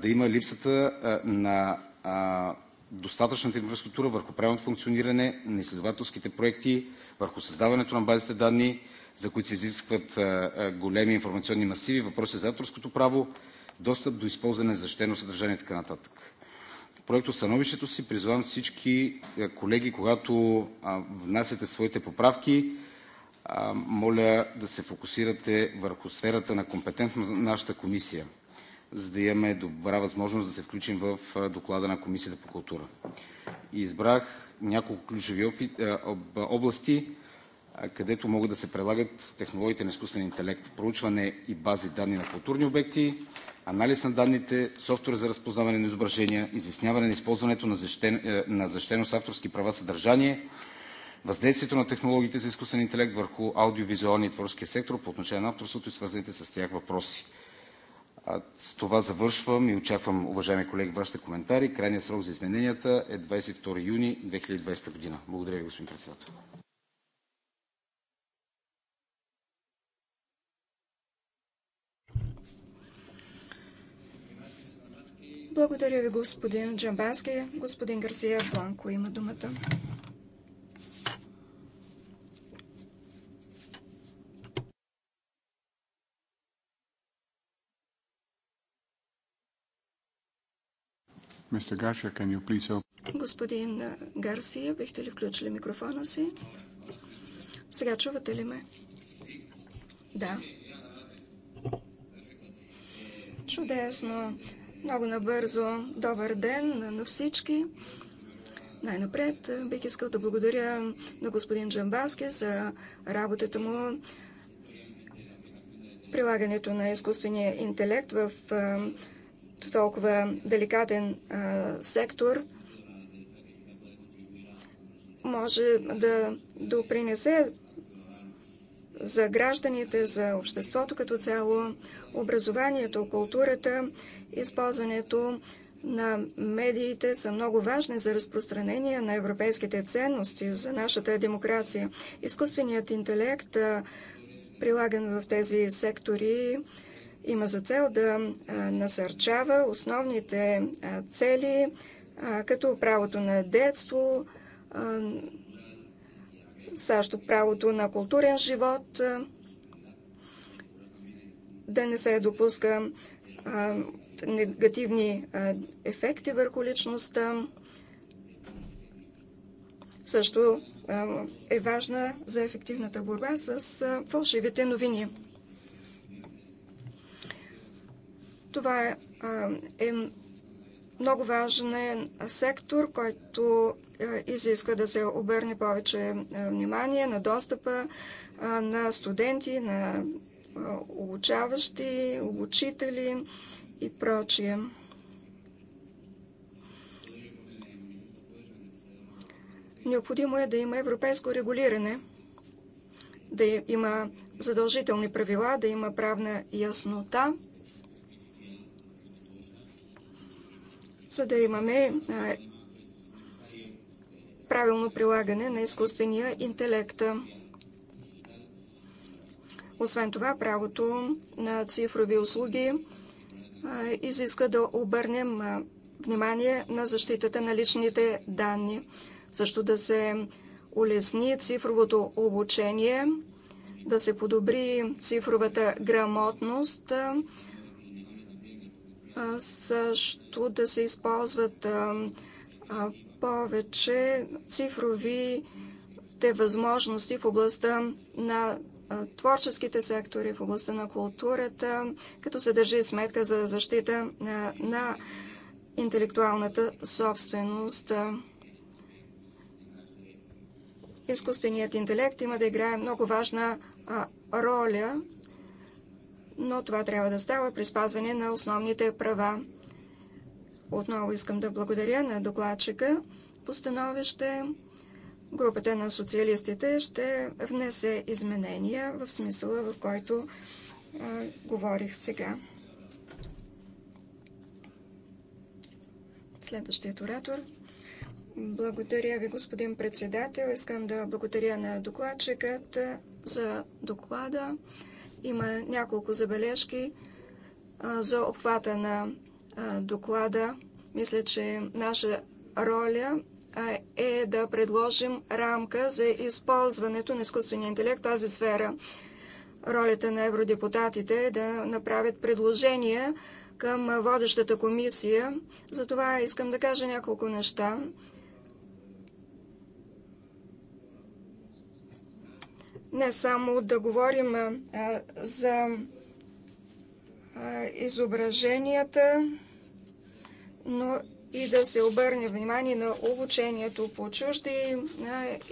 да има липсата на достатъчната инфраструктура, върху правилното функциониране на изследователските проекти, върху създаването на базите данни, за които се изискват големи информационни масиви, въпроси за авторското право, достъп до използване на защитено съдържание и така нататък. В становището си призовавам всички колеги, когато внасяте своите поправки, моля да се фокусирате върху сферата на компетентност на нашата комисия за да имаме добра възможност да се включим в Доклада на Комисията по култура. Избрах няколко ключови области, където могат да се прилагат технологиите на изкуствен интелект: проучване и бази данни на културни обекти, анализ на данните, софтуер за разпознаване на изображения, изясняване на използването на защитено е, с авторски права съдържание, въздействието на технологиите за изкуствен интелект върху аудиовизуалния и творческия сектор по отношение на авторството и свързаните с тях въпроси. С това завършвам и очаквам, уважаеми колеги, Вашите коментари. Крайният срок за измененията е 22 юни 2020 година. Благодаря Ви, господин Председател. Благодаря Ви, господин Джамбански. Господин Гарсия Бланко има думата. Господин Гарсия, бихте ли включили микрофона си? Сега чувате ли ме? Да. Чудесно. Много набързо. Добър ден на всички. Най-напред бих искал да благодаря на господин Джамбаски за работата му, прилагането на изкуствения интелект в толкова деликатен сектор може да допринесе за гражданите, за обществото като цяло, образованието, културата, използването на медиите са много важни за разпространение на европейските ценности, за нашата демокрация. Изкуственият интелект, прилаган в тези сектори, има за цел да насърчава основните цели, като правото на детство, също правото на културен живот, да не се допуска негативни ефекти върху личността. Също е важна за ефективната борба с фалшивите новини. Това е, е много важен сектор, който изисква да се обърне повече внимание на достъпа на студенти, на обучаващи, обучители и прочие. Необходимо е да има европейско регулиране, да има задължителни правила, да има правна яснота – за да имаме правилно прилагане на изкуствения интелект. Освен това, правото на цифрови услуги изиска да обърнем внимание на защитата на личните данни. Също да се улесни цифровото обучение, да се подобри цифровата грамотност, също да се използват повече цифровите възможности в областта на творческите сектори, в областта на културата, като се държи сметка за защита на интелектуалната собственост. Изкуственият интелект има да играе много важна роля но това трябва да става при спазване на основните права. Отново искам да благодаря на докладчика по становище. Групата на социалистите ще внесе изменения в смисъла, в който а, говорих сега. Следващият оратор. Благодаря ви, господин председател. Искам да благодаря на докладчикът за доклада. Има няколко забележки за обхвата на доклада. Мисля, че наша роля е да предложим рамка за използването на изкуствения интелект в тази сфера. Ролята на евродепутатите е да направят предложения към водещата комисия. За това искам да кажа няколко неща. не само да говорим а, за а, изображенията, но и да се обърне внимание на обучението по чужди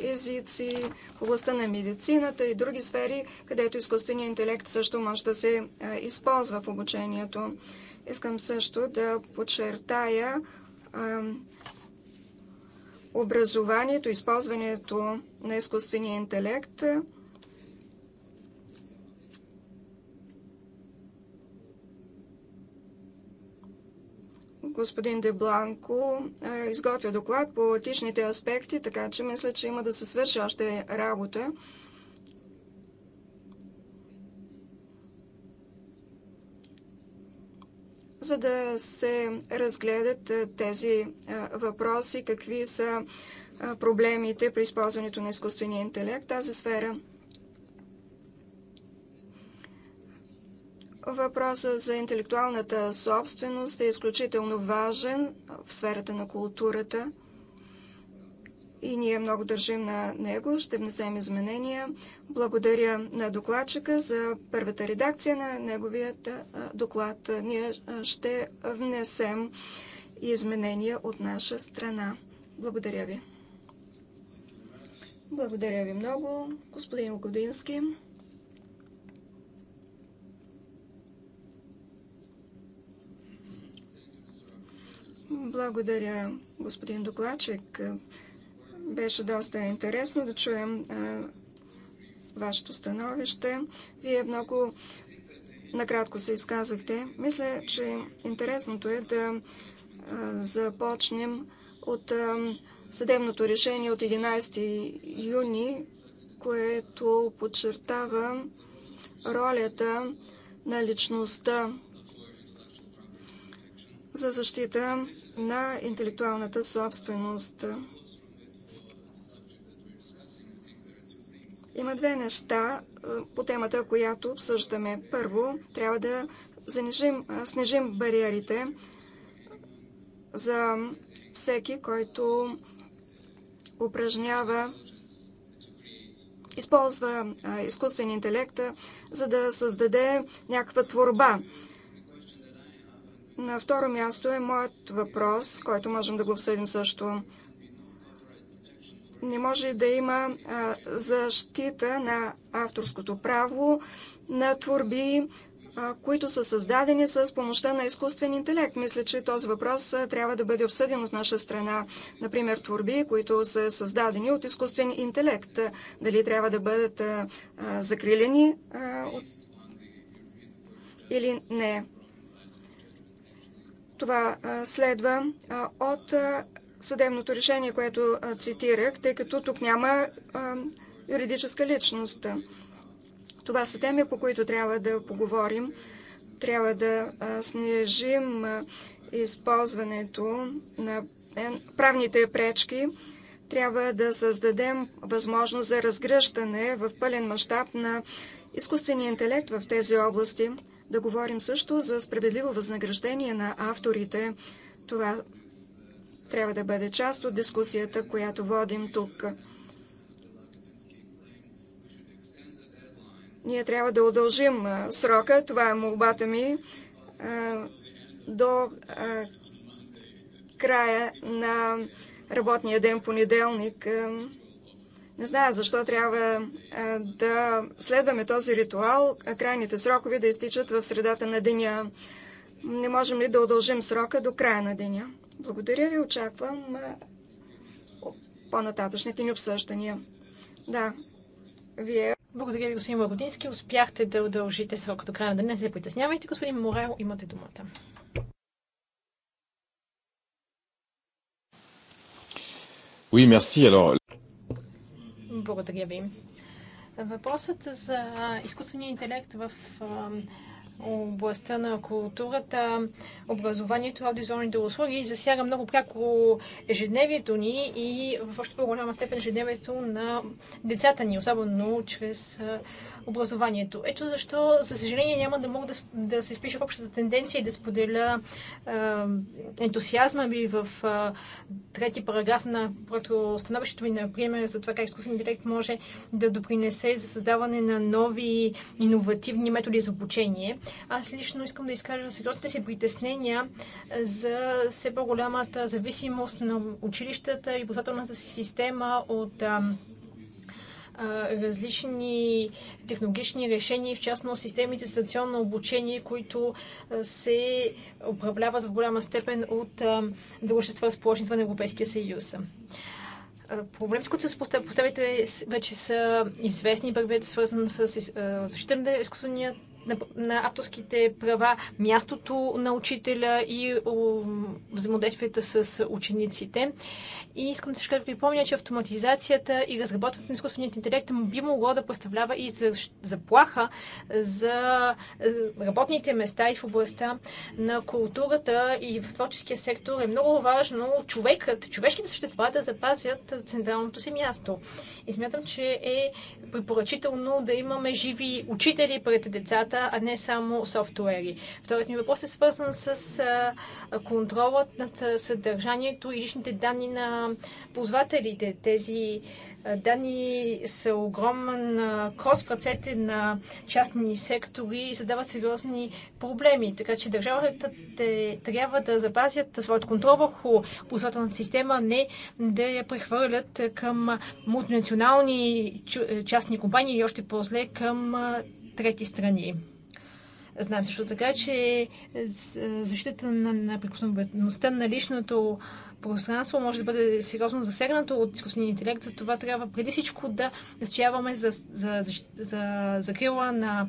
езици, в областта на медицината и други сфери, където изкуственият интелект също може да се използва в обучението. Искам също да подчертая а, образованието, използването на изкуствения интелект – господин Дебланко е, изготвя доклад по етичните аспекти, така че мисля, че има да се свърши още работа. за да се разгледат е, тези е, въпроси, какви са проблемите при използването на изкуствения интелект, тази сфера. Въпросът за интелектуалната собственост е изключително важен в сферата на културата и ние много държим на него. Ще внесем изменения. Благодаря на докладчика за първата редакция на неговият доклад. Ние ще внесем изменения от наша страна. Благодаря ви. Благодаря ви много, господин Логодински. Благодаря, господин докладчик. Беше доста интересно да чуем вашето становище. Вие много накратко се изказахте. Мисля, че интересното е да започнем от съдебното решение от 11 юни, което подчертава ролята на личността за защита на интелектуалната собственост. Има две неща по темата, която обсъждаме. Първо, трябва да занижим, снижим бариерите за всеки, който упражнява, използва изкуствен интелект, за да създаде някаква творба, на второ място е моят въпрос, който можем да го обсъдим също. Не може да има защита на авторското право на творби, които са създадени с помощта на изкуствен интелект. Мисля, че този въпрос трябва да бъде обсъден от наша страна. Например, творби, които са създадени от изкуствен интелект. Дали трябва да бъдат закрилени или не. Това следва от съдебното решение, което цитирах, тъй като тук няма юридическа личност. Това са теми, по които трябва да поговорим. Трябва да снижим използването на е, правните пречки. Трябва да създадем възможност за разгръщане в пълен мащаб на изкуствения интелект в тези области. Да говорим също за справедливо възнаграждение на авторите. Това трябва да бъде част от дискусията, която водим тук. Ние трябва да удължим срока, това е молбата ми, до края на работния ден понеделник не зная защо трябва да следваме този ритуал, крайните срокове да изтичат в средата на деня. Не можем ли да удължим срока до края на деня? Благодаря ви, очаквам по-нататъчните ни обсъждания. Да, вие. Благодаря ви, господин Лагодински. Успяхте да удължите срока до края на деня. Не се притеснявайте, господин Морел, имате думата. Oui, merci. Alors... Благодаря ви. Въпросът за изкуствения интелект в областта на културата, образованието, аудиозуалните услуги засяга много пряко ежедневието ни и в още по-голяма степен ежедневието на децата ни, особено чрез образованието. Ето защо, за съжаление, няма да мога да, да се впиша в общата тенденция и да споделя е, ентусиазма ми в е, трети параграф на проекто становището ми, например, за това как изкуствен интелект може да допринесе за създаване на нови иновативни методи за обучение. Аз лично искам да изкажа сериозните си притеснения за все по-голямата зависимост на училищата и образователната система от е, различни технологични решения, в частност системите за станционно обучение, които се управляват в голяма степен от дружества, Положението на Европейския съюз. Проблемите, които се поставите, вече са известни. Първият е свързан с защита на изкуствения на, на авторските права, мястото на учителя и о, взаимодействията с учениците. И искам също да припомня, че автоматизацията и разработването на изкуственият интелект би могло да представлява и заплаха за е, работните места и в областта на културата и в творческия сектор. Е много важно човекът, човешките същества да запазят централното си място. И смятам, че е препоръчително да имаме живи учители пред децата, нещата, а не само софтуери. Вторият ми въпрос е свързан с контролът над съдържанието и личните данни на ползвателите. Тези данни са огромен крос в ръцете на частни сектори и създават сериозни проблеми. Така че държавата те, трябва да запазят своят контрол върху ползвателната система, не да я прехвърлят към мултинационални частни компании или още по-зле към трети страни. Знам също така, че е, защитата на, неприкосновеността на личното пространство може да бъде сериозно засегнато от изкуствения интелект. За това трябва преди всичко да настояваме за, за, за закрила на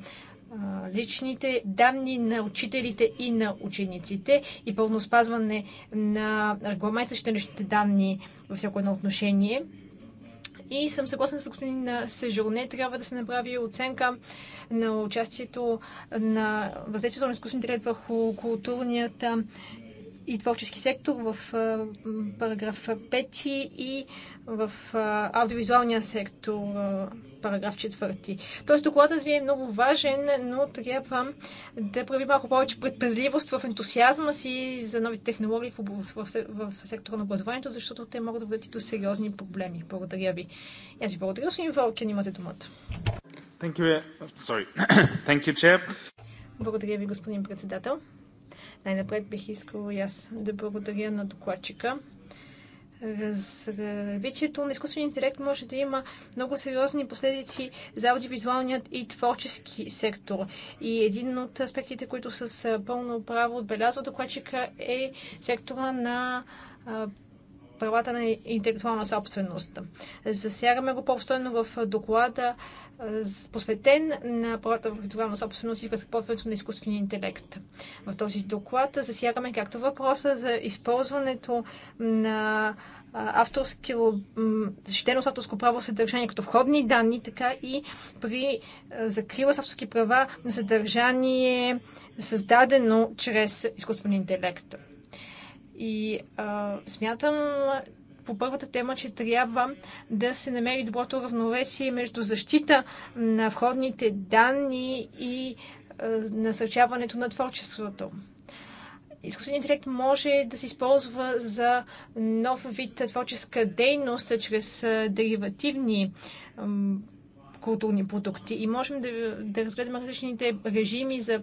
личните данни на учителите и на учениците и пълно спазване на регламента за личните данни във всяко едно отношение. И съм съгласна с господин Сежурне, трябва да се направи оценка на участието на въздействието на изкуствените върху културният и творчески сектор в параграф 5 и в аудиовизуалния сектор параграф 4. Тоест докладът ви е много важен, но трябва да прави малко повече предпазливост в ентусиазма си за новите технологии в, сектора на образованието, защото те могат да водят и до сериозни проблеми. Благодаря ви. И аз ви благодаря, господин Волкин, имате думата. Thank you. Uh, sorry. Thank you, Chair. Благодаря ви, господин председател. Най-напред бих искала и аз да благодаря на докладчика. Развитието на изкуствения интелект може да има много сериозни последици за аудиовизуалният и творчески сектор. И един от аспектите, които с пълно право отбелязва докладчика е сектора на правата на интелектуална собственост. Засягаме го по-обстойно в доклада, посветен на правата в интелектуална собственост и разработването на изкуствения интелект. В този доклад засягаме както въпроса за използването на авторски, защитено с авторско право съдържание като входни данни, така и при закрива с авторски права на съдържание, създадено чрез изкуствен интелект. И а, смятам по първата тема, че трябва да се намери доброто равновесие между защита на входните данни и а, насърчаването на творчеството. Изкуственият интелект може да се използва за нов вид творческа дейност чрез деривативни културни продукти и можем да, да разгледаме различните режими за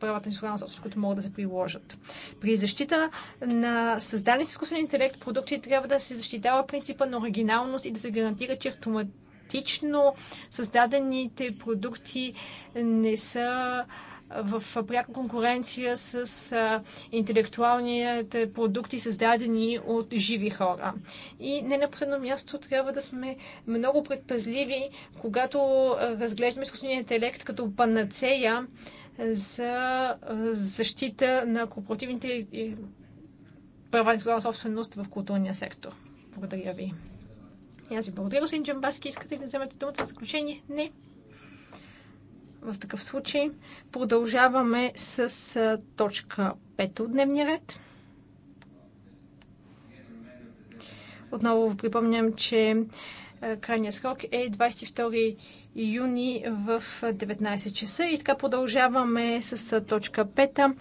правата интелектуална собственост, които могат да се приложат. При защита на създадени с изкуствен интелект продукти трябва да се защитава принципа на оригиналност и да се гарантира, че автоматично създадените продукти не са в пряка конкуренция с интелектуалните продукти, създадени от живи хора. И не на последно място трябва да сме много предпазливи, когато разглеждаме изкуствения интелект като панацея за защита на корпоративните права на интелектуална собственост в културния сектор. Благодаря ви. И аз ви благодаря, господин Джамбаски. Искате ли да вземете думата за заключение? Не. В такъв случай продължаваме с точка 5 от дневния ред. Отново припомням, че е, крайния срок е 22 юни в 19 часа. И така продължаваме с е, точка 5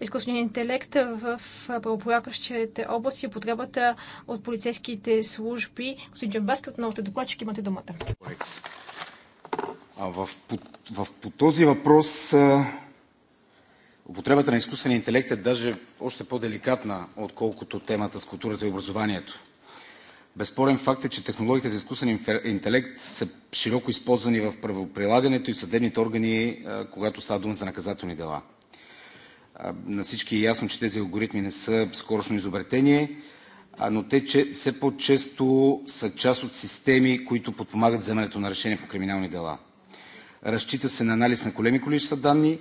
Изкуственият интелект в е, правополагащите области и потребата от полицейските служби. Господин Джамбаски, отново те докладчик, имате думата. А в, в, по този въпрос употребата на изкуствения интелект е даже още по-деликатна, отколкото темата с културата и образованието. Безспорен факт е, че технологиите за изкуствен интелект са широко използвани в правоприлагането и в съдебните органи, когато става дума за наказателни дела. На всички е ясно, че тези алгоритми не са скорошно изобретение, но те все по-често са част от системи, които подпомагат вземането на решения по криминални дела. Разчита се на анализ на големи количества данни,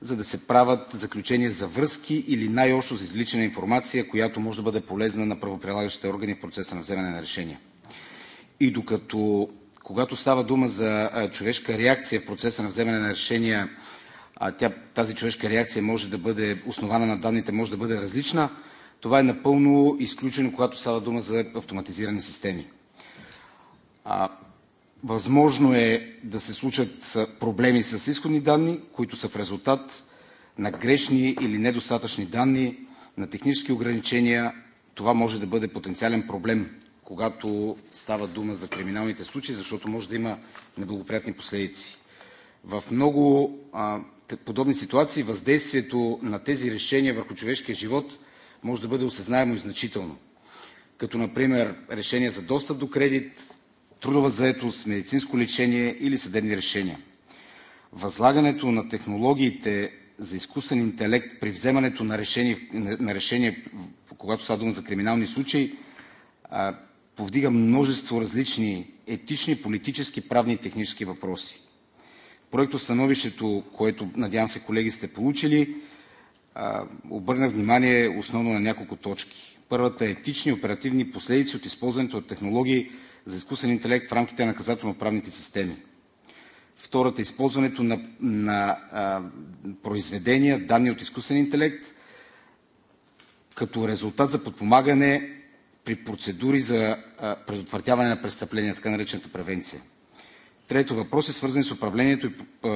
за да се правят заключения за връзки или най-общо за извличане на информация, която може да бъде полезна на правоприлагащите органи в процеса на вземане на решения. И докато, когато става дума за човешка реакция в процеса на вземане на решения, тя, тази човешка реакция може да бъде основана на данните, може да бъде различна, това е напълно изключено, когато става дума за автоматизирани системи. Възможно е да се случат проблеми с изходни данни, които са в резултат на грешни или недостатъчни данни, на технически ограничения. Това може да бъде потенциален проблем, когато става дума за криминалните случаи, защото може да има неблагоприятни последици. В много подобни ситуации въздействието на тези решения върху човешкия живот може да бъде осъзнаемо и значително, като например решения за достъп до кредит, трудова заетост, медицинско лечение или съдебни решения. Възлагането на технологиите за изкусен интелект при вземането на решение, когато са дума за криминални случаи, повдига множество различни етични, политически, правни и технически въпроси. Проекто становището, което, надявам се, колеги, сте получили, обърна внимание основно на няколко точки. Първата е етични оперативни последици от използването на технологии за изкуствен интелект в рамките на правните системи. Втората е – използването на произведения, данни от изкуствен интелект като резултат за подпомагане при процедури за предотвратяване на престъпления, така наречената превенция. Трето, въпрос е свързани с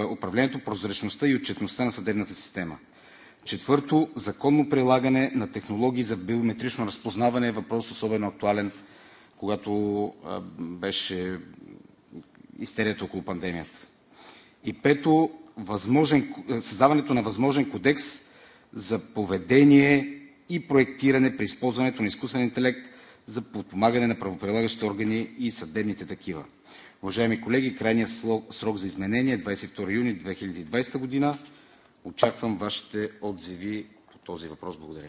управлението, прозрачността и отчетността на съдебната система. Четвърто, законно прилагане на технологии за биометрично разпознаване е – въпрос особено актуален когато беше истерията около пандемията. И пето, създаването на възможен кодекс за поведение и проектиране при използването на изкуствен интелект за подпомагане на правоприлагащите органи и съдебните такива. Уважаеми колеги, крайният срок за изменение е 22 юни 2020 година. Очаквам Вашите отзиви по този въпрос. Благодаря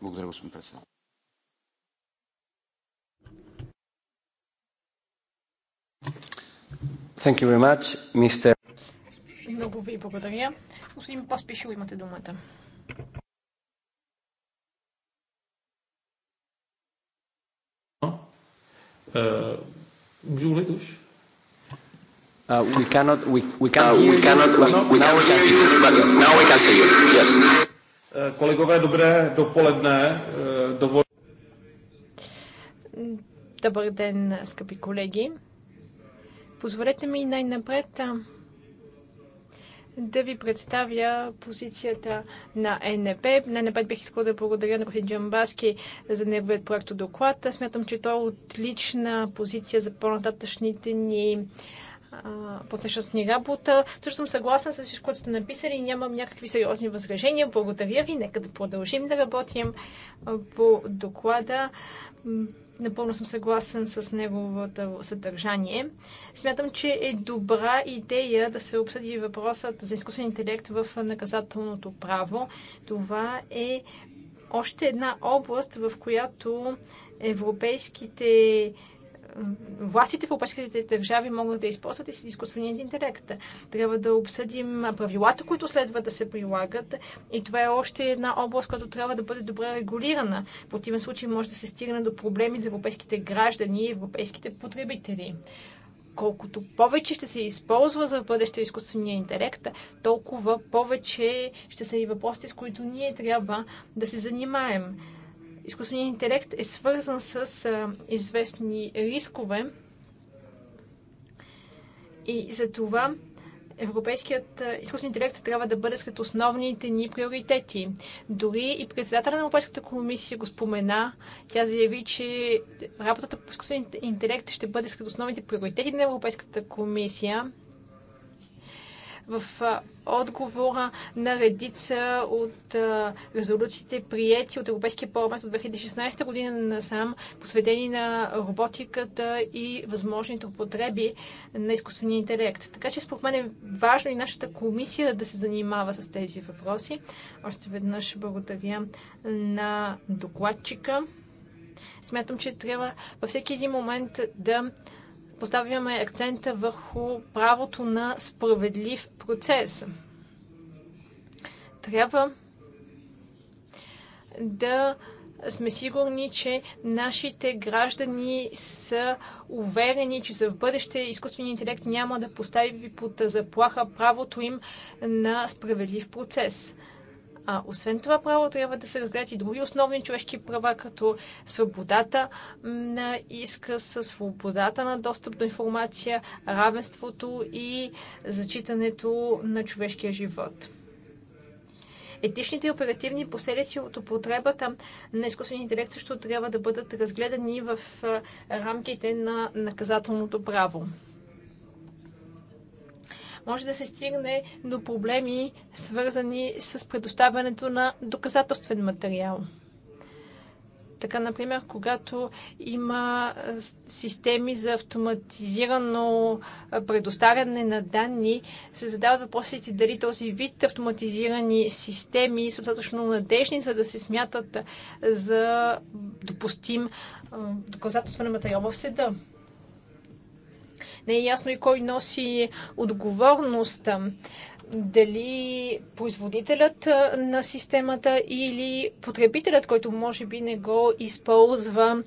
Благодаря, господин Председател. Thank you very much, Mr. Много ви благодаря. Господин Поспешил, имате думата. Uh, uh, we cannot, we, we can't uh, hear we cannot, you, we, we now we can see you, but yes. now we can see you, yes. Uh, kolegové, dobré dopoledne. Uh, dovol... Добър ден, скъпи колеги. Позволете ми най-напред да ви представя позицията на НП. Най-напред бих искала да благодаря на господин Джамбаски за неговият проект доклад. Смятам, че той е отлична позиция за по-нататъчните ни по-тъщата ни работа. Също съм съгласен с всичко, което сте написали и нямам някакви сериозни възражения. Благодаря ви. Нека да продължим да работим по доклада. Напълно съм съгласен с неговото съдържание. Смятам, че е добра идея да се обсъди въпросът за изкуствен интелект в наказателното право. Това е още една област, в която европейските властите в европейските държави могат да използват и изкуственият интелект. Трябва да обсъдим правилата, които следва да се прилагат и това е още една област, която трябва да бъде добре регулирана. В противен случай може да се стигне до проблеми за европейските граждани и европейските потребители колкото повече ще се използва за бъдеще изкуствения интелект, толкова повече ще са и въпросите, с които ние трябва да се занимаем изкуственият интелект е свързан с а, известни рискове. И за това европейският изкуствен интелект трябва да бъде сред основните ни приоритети. Дори и председателя на Европейската комисия го спомена. Тя заяви, че работата по изкуствен интелект ще бъде сред основните приоритети на Европейската комисия в отговора на редица от резолюциите, приети от Европейския парламент от 2016 година насам, посветени на роботиката и възможните употреби на изкуствения интелект. Така че според мен е важно и нашата комисия да се занимава с тези въпроси. Още веднъж благодаря на докладчика. Смятам, че трябва във всеки един момент да поставяме акцента върху правото на справедлив процес. Трябва да сме сигурни, че нашите граждани са уверени, че за в бъдеще изкуственият интелект няма да постави под заплаха правото им на справедлив процес. А освен това право трябва да се разгледат и други основни човешки права, като свободата на изказ, свободата на достъп до информация, равенството и зачитането на човешкия живот. Етичните и оперативни последици от употребата на изкуствения интелект също трябва да бъдат разгледани в рамките на наказателното право може да се стигне до проблеми, свързани с предоставянето на доказателствен материал. Така, например, когато има системи за автоматизирано предоставяне на данни, се задават въпросите дали този вид автоматизирани системи са достатъчно надежни, за да се смятат за допустим доказателствен материал в седа. Не е ясно и кой носи отговорност, Дали производителят на системата или потребителят, който може би не го използва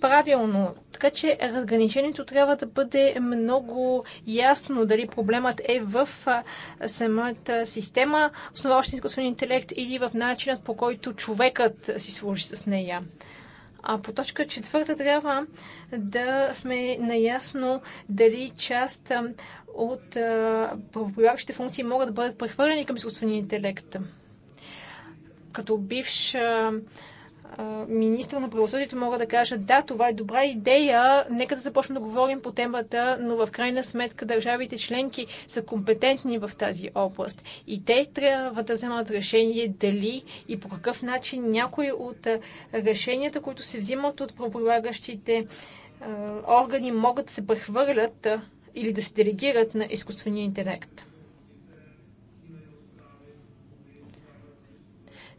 правилно. Така че разграничението трябва да бъде много ясно дали проблемът е в самата система, основаваща изкуствен интелект или в начинът по който човекът си служи с нея. А по точка четвърта трябва да сме наясно дали част от правоприлагащите функции могат да бъдат прехвърлени към изкуствения интелект. Като бивш министра на правосъдието мога да кажа, да, това е добра идея, нека да започнем да говорим по темата, но в крайна сметка държавите членки са компетентни в тази област и те трябва да вземат решение дали и по какъв начин някои от решенията, които се взимат от праволагащите органи, могат да се прехвърлят или да се делегират на изкуствения интелект.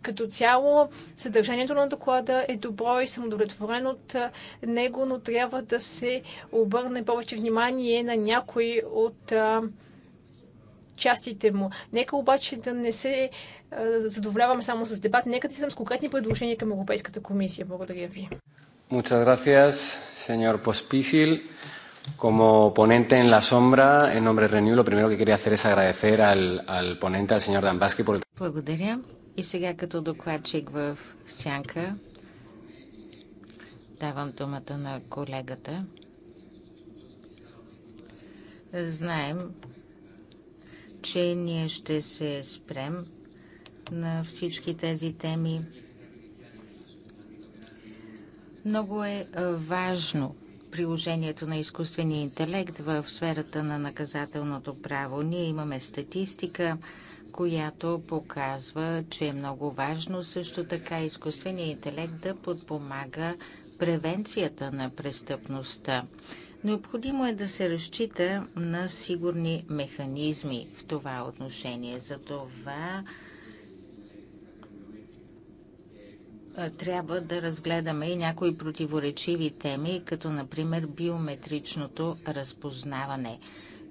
Като цяло, съдържанието на доклада е добро и съм удовлетворен от него, но трябва да се обърне повече внимание на някои от частите му. Нека обаче да не се задоволяваме само с дебат, нека да съм с конкретни предложения към Европейската комисия. Благодаря ви. Muchas gracias, señor Pospisil. Como ponente en la sombra, en nombre de Renew, lo primero que quería hacer es agradecer al, al ponente, al señor Dambaski, por el... Благодаря. И сега като докладчик в Сянка давам думата на колегата. Знаем, че ние ще се спрем на всички тези теми. Много е важно приложението на изкуствения интелект в сферата на наказателното право. Ние имаме статистика, която показва, че е много важно също така изкуственият интелект да подпомага превенцията на престъпността. Необходимо е да се разчита на сигурни механизми в това отношение. За това трябва да разгледаме и някои противоречиви теми, като например биометричното разпознаване.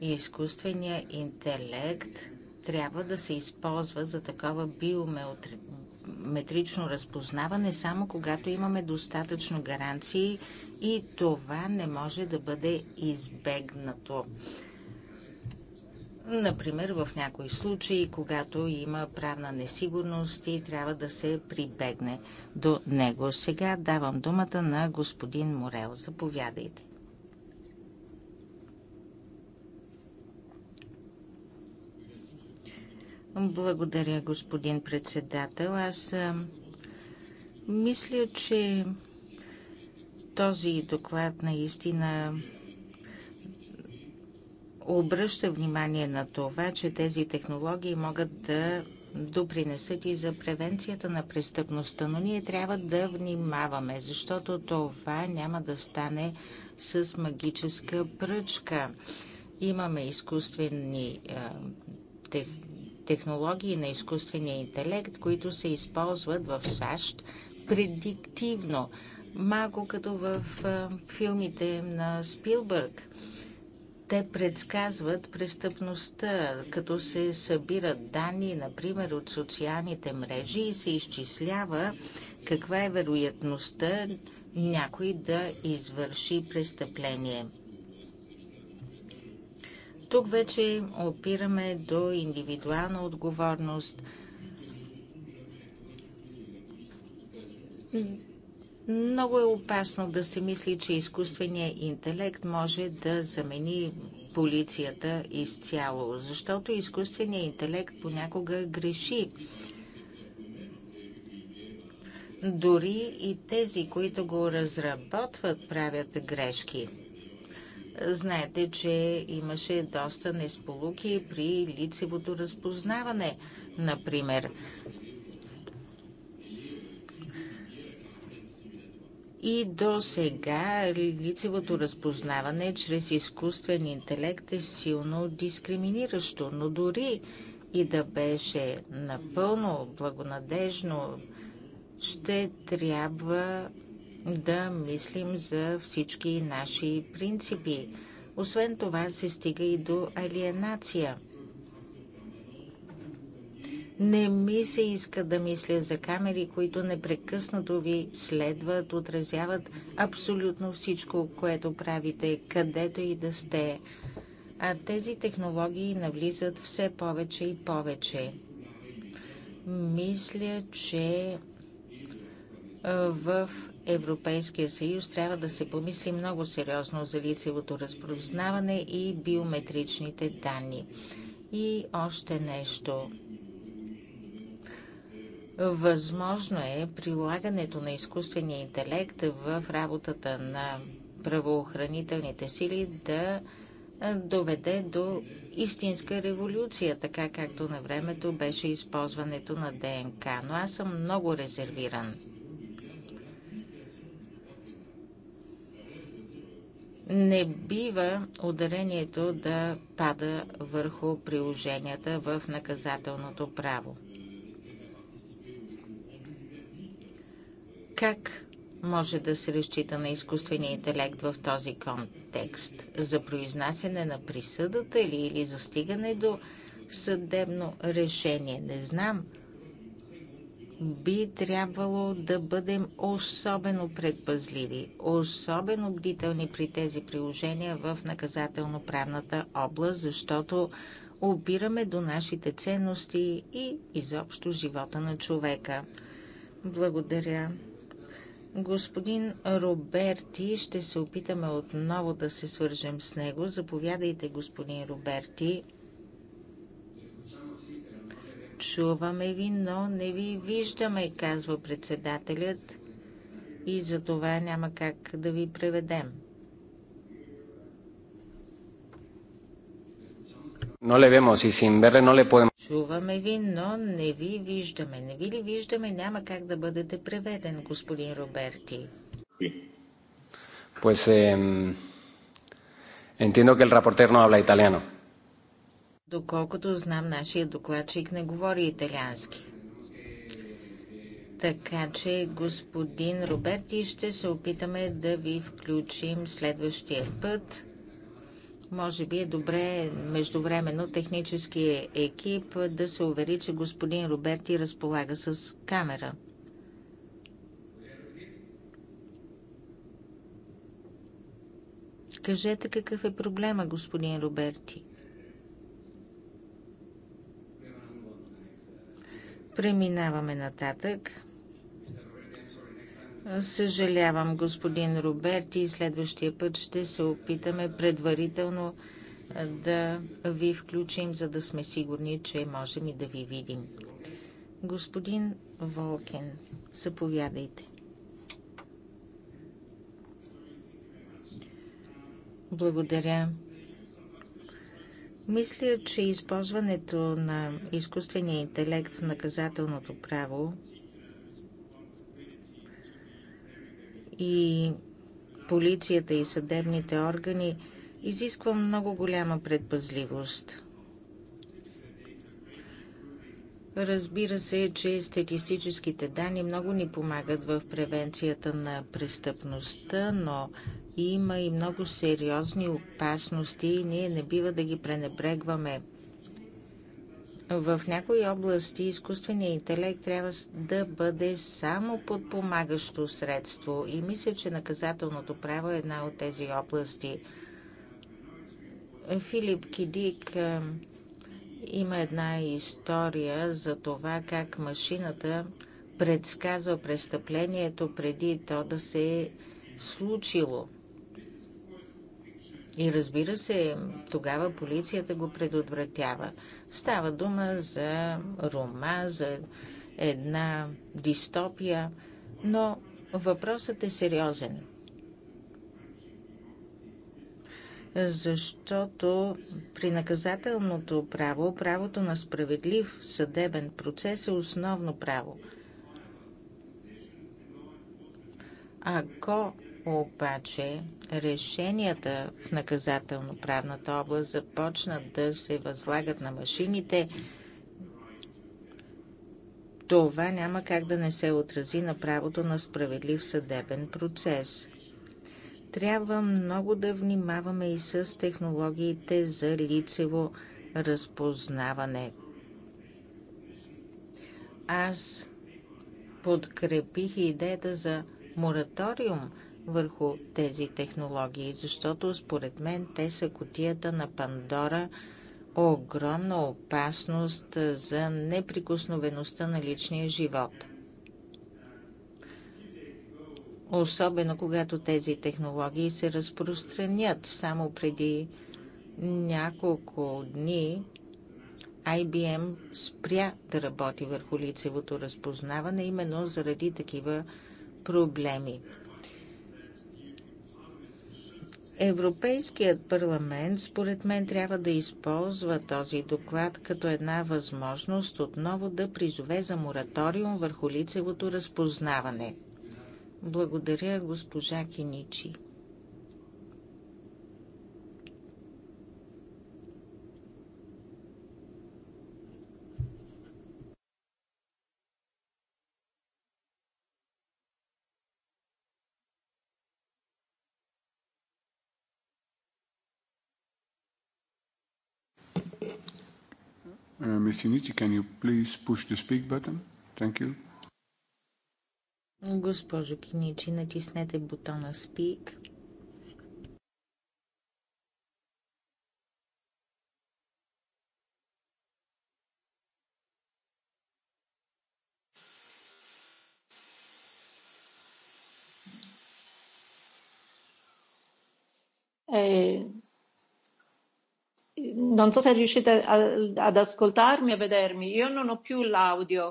Изкуственият интелект трябва да се използва за такова биометрично разпознаване само когато имаме достатъчно гаранции и това не може да бъде избегнато. Например, в някои случаи, когато има правна несигурност и трябва да се прибегне до него. Сега давам думата на господин Морел. Заповядайте. Благодаря, господин председател. Аз мисля, че този доклад наистина обръща внимание на това, че тези технологии могат да допринесат и за превенцията на престъпността, но ние трябва да внимаваме, защото това няма да стане с магическа пръчка. Имаме изкуствени технологии технологии на изкуствения интелект, които се използват в САЩ предиктивно. Малко като в филмите на Спилбърг. Те предсказват престъпността, като се събират данни, например, от социалните мрежи и се изчислява каква е вероятността някой да извърши престъпление. Тук вече опираме до индивидуална отговорност. Много е опасно да се мисли, че изкуственият интелект може да замени полицията изцяло, защото изкуственият интелект понякога греши. Дори и тези, които го разработват, правят грешки. Знаете, че имаше доста несполуки при лицевото разпознаване, например. И до сега лицевото разпознаване чрез изкуствен интелект е силно дискриминиращо, но дори и да беше напълно благонадежно, ще трябва да мислим за всички наши принципи. Освен това се стига и до алиенация. Не ми се иска да мисля за камери, които непрекъснато ви следват, отразяват абсолютно всичко, което правите, където и да сте. А тези технологии навлизат все повече и повече. Мисля, че в Европейския съюз трябва да се помисли много сериозно за лицевото разпознаване и биометричните данни. И още нещо. Възможно е прилагането на изкуствения интелект в работата на правоохранителните сили да доведе до истинска революция, така както на времето беше използването на ДНК. Но аз съм много резервиран. не бива ударението да пада върху приложенията в наказателното право. Как може да се разчита на изкуствения интелект в този контекст? За произнасяне на присъдата или, или за стигане до съдебно решение? Не знам – би трябвало да бъдем особено предпазливи, особено бдителни при тези приложения в наказателно-правната област, защото обираме до нашите ценности и изобщо живота на човека. Благодаря. Господин Роберти, ще се опитаме отново да се свържем с него. Заповядайте, господин Роберти. Чуваме ви, но не ви виждаме, казва председателят и за това няма как да ви преведем. No le vemos y sin verle no le podemos. Чуваме ви, но не ви виждаме. Не ви ли виждаме, няма как да бъдете преведен, господин Роберти. Pues eh, entiendo que el reportero no habla italiano. Доколкото знам, нашия докладчик не говори италиански. Така че, господин Роберти, ще се опитаме да ви включим следващия път. Може би е добре междувременно техническия екип да се увери, че господин Роберти разполага с камера. Кажете какъв е проблема, господин Роберти. Преминаваме нататък. Съжалявам, господин Роберт, и следващия път ще се опитаме предварително да ви включим, за да сме сигурни, че можем и да ви видим. Господин Волкен, заповядайте. Благодаря. Мисля, че използването на изкуствения интелект в наказателното право и полицията и съдебните органи изисква много голяма предпазливост. Разбира се, че статистическите данни много ни помагат в превенцията на престъпността, но има и много сериозни опасности и ние не бива да ги пренебрегваме. В някои области изкуственият интелект трябва да бъде само подпомагащо средство и мисля, че наказателното право е една от тези области. Филип Кидик е, има една история за това как машината предсказва престъплението преди то да се е случило. И разбира се, тогава полицията го предотвратява. Става дума за рома, за една дистопия, но въпросът е сериозен. Защото при наказателното право, правото на справедлив съдебен процес е основно право. Ако обаче решенията в наказателно-правната област започнат да се възлагат на машините. Това няма как да не се отрази на правото на справедлив съдебен процес. Трябва много да внимаваме и с технологиите за лицево разпознаване. Аз подкрепих идеята за мораториум – върху тези технологии, защото според мен те са котията на Пандора, огромна опасност за неприкосновеността на личния живот. Особено когато тези технологии се разпространят. Само преди няколко дни IBM спря да работи върху лицевото разпознаване именно заради такива проблеми. Европейският парламент, според мен, трябва да използва този доклад като една възможност отново да призове за мораториум върху лицевото разпознаване. Благодаря, госпожа Киничи. Месиничи, can you please push the speak button? Thank you. Госпожо Киничи, натиснете бутона Speak. Non so se riuscite a- ad ascoltarmi, a vedermi. Io non ho più l'audio.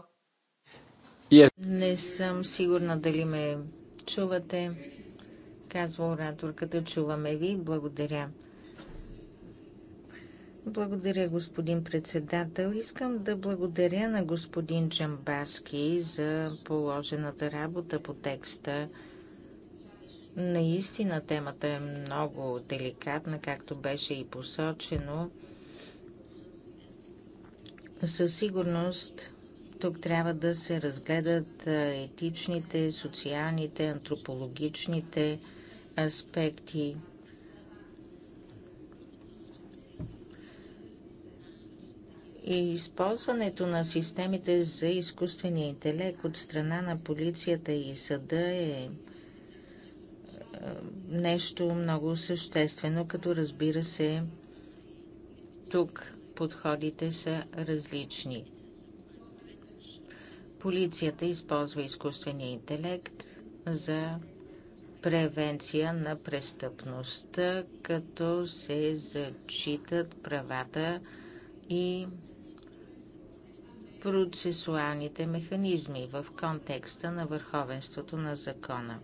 Yes. Не съм сигурна дали ме чувате, казва ораторката. Чуваме ви. Благодаря. Благодаря, господин председател. Искам да благодаря на господин Джамбаски за положената работа по текста. Наистина темата е много деликатна, както беше и посочено. Със сигурност тук трябва да се разгледат етичните, социалните, антропологичните аспекти. И използването на системите за изкуствения интелект от страна на полицията и съда е нещо много съществено, като разбира се, тук подходите са различни. Полицията използва изкуствения интелект за превенция на престъпността, като се зачитат правата и процесуалните механизми в контекста на върховенството на закона.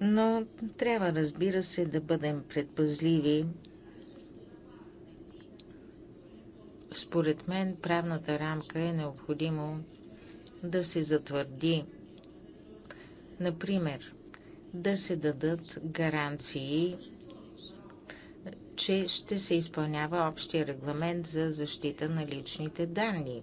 Но трябва, разбира се, да бъдем предпазливи Според мен правната рамка е необходимо да се затвърди. Например, да се дадат гаранции, че ще се изпълнява общия регламент за защита на личните данни.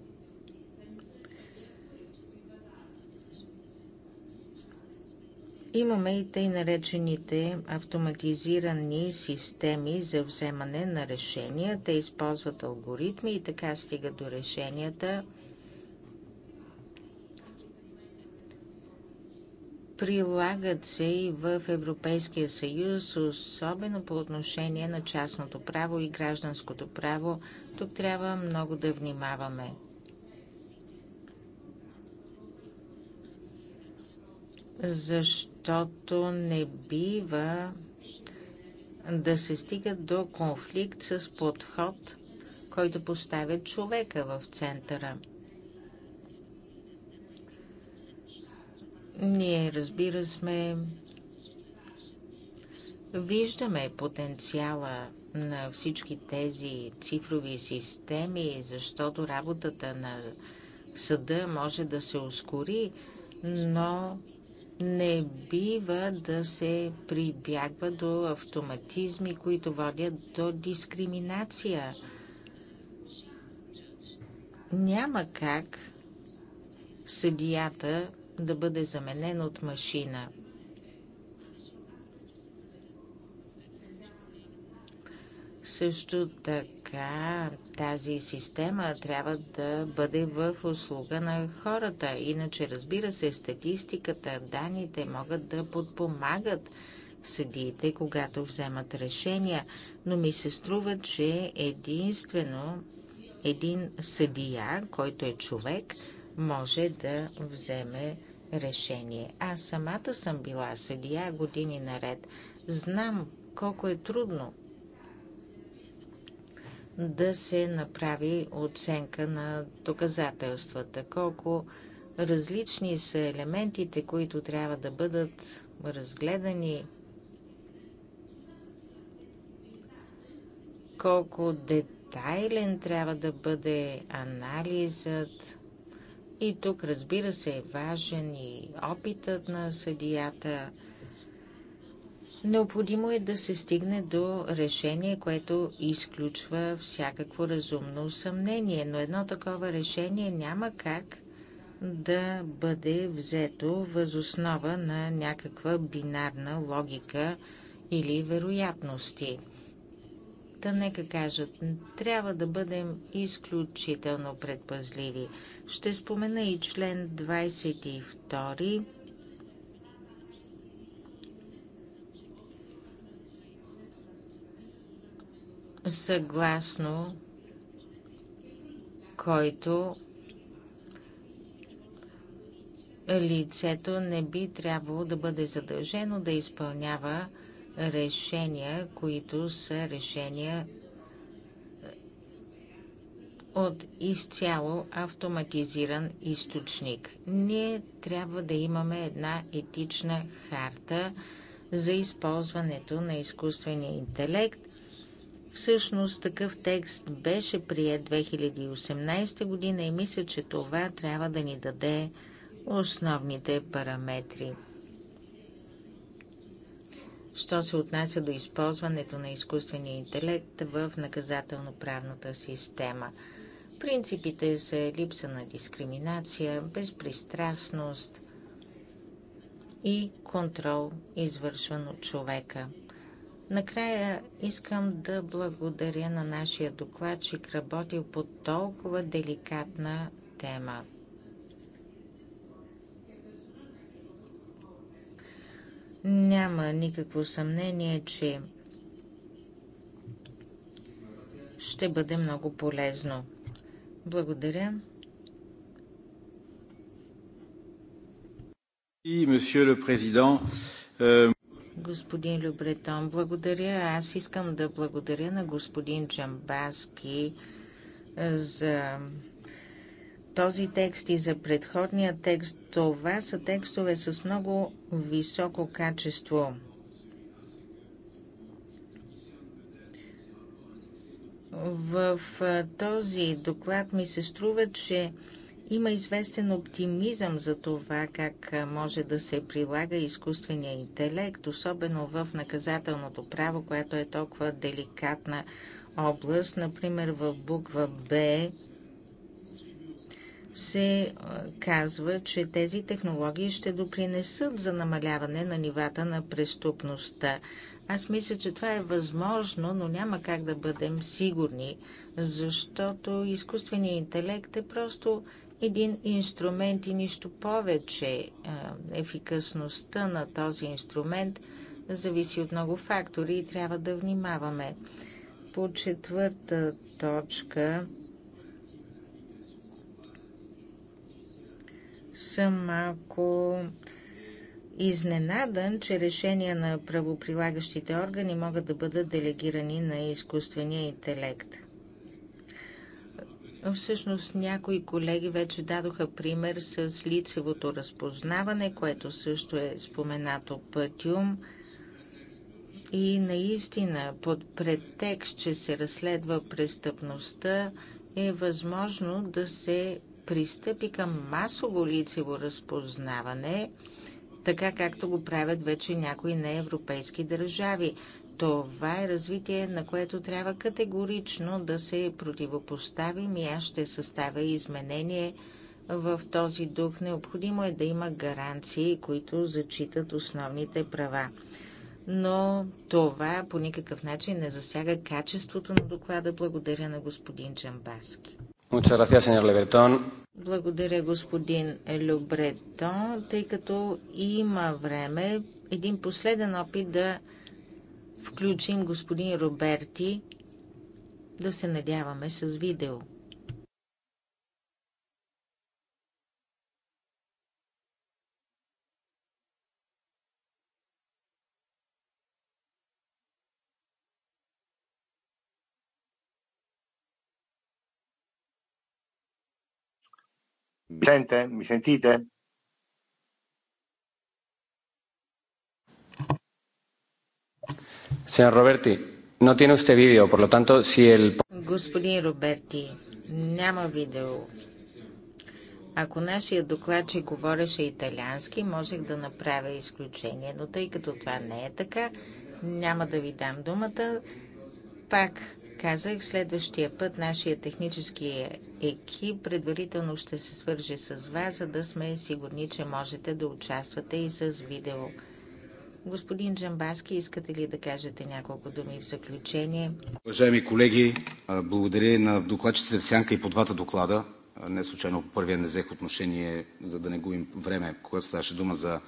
Имаме и тъй наречените автоматизирани системи за вземане на решения. Те използват алгоритми и така стига до решенията. Прилагат се и в Европейския съюз, особено по отношение на частното право и гражданското право. Тук трябва много да внимаваме. защото не бива да се стига до конфликт с подход, който поставя човека в центъра. Ние, разбира сме, виждаме потенциала на всички тези цифрови системи, защото работата на съда може да се ускори, но не бива да се прибягва до автоматизми, които водят до дискриминация. Няма как съдията да бъде заменен от машина. Също така тази система трябва да бъде в услуга на хората. Иначе, разбира се, статистиката, данните могат да подпомагат съдиите, когато вземат решения, но ми се струва, че единствено един съдия, който е човек, може да вземе решение. Аз самата съм била съдия години наред. Знам колко е трудно да се направи оценка на доказателствата. Колко различни са елементите, които трябва да бъдат разгледани, колко детайлен трябва да бъде анализът. И тук, разбира се, е важен и опитът на съдията – Необходимо е да се стигне до решение, което изключва всякакво разумно съмнение, но едно такова решение няма как да бъде взето възоснова на някаква бинарна логика или вероятности. Та нека кажат, трябва да бъдем изключително предпазливи. Ще спомена и член 22 съгласно който лицето не би трябвало да бъде задължено да изпълнява решения, които са решения е, от изцяло автоматизиран източник. Ние трябва да имаме една етична харта за използването на изкуствения интелект Всъщност такъв текст беше прият 2018 година и мисля, че това трябва да ни даде основните параметри. Що се отнася до използването на изкуствения интелект в наказателно-правната система? Принципите са липса на дискриминация, безпристрастност и контрол, извършван от човека – Накрая искам да благодаря на нашия докладчик, работил по толкова деликатна тема. Няма никакво съмнение, че ще бъде много полезно. Благодаря. И, месье президент, господин Любретон. Благодаря. Аз искам да благодаря на господин Джамбаски за този текст и за предходния текст. Това са текстове с много високо качество. В този доклад ми се струва, че има известен оптимизъм за това как може да се прилага изкуствения интелект, особено в наказателното право, което е толкова деликатна област. Например, в буква Б се казва, че тези технологии ще допринесат за намаляване на нивата на преступността. Аз мисля, че това е възможно, но няма как да бъдем сигурни, защото изкуственият интелект е просто един инструмент и нищо повече. Ефикасността на този инструмент зависи от много фактори и трябва да внимаваме. По четвърта точка съм малко изненадан, че решения на правоприлагащите органи могат да бъдат делегирани на изкуствения интелект. Всъщност някои колеги вече дадоха пример с лицевото разпознаване, което също е споменато пътюм. И наистина под претекст, че се разследва престъпността, е възможно да се пристъпи към масово лицево разпознаване, така както го правят вече някои неевропейски държави. Това е развитие, на което трябва категорично да се противопоставим и аз ще съставя изменение в този дух. Необходимо е да има гаранции, които зачитат основните права. Но това по никакъв начин не засяга качеството на доклада. Благодаря на господин Джамбаски. Благодаря, господин Любрето, Тъй като има време, един последен опит да включим господин Роберти, да се надяваме с видео. Mi sente? Mi sentite? Señor Роберти, no tiene usted vídeo, por lo tanto, si el... Господин Роберти, няма видео. Ако нашия докладчик говореше италиански, можех да направя изключение, но тъй като това не е така, няма да ви дам думата. Пак казах, следващия път нашия технически екип предварително ще се свърже с вас, за да сме сигурни, че можете да участвате и с видео. Господин Джамбаски, искате ли да кажете няколко думи в заключение? Уважаеми колеги, благодаря на докладчица в Сянка и по двата доклада. Не случайно по първия не взех отношение, за да не губим време, когато ставаше дума за,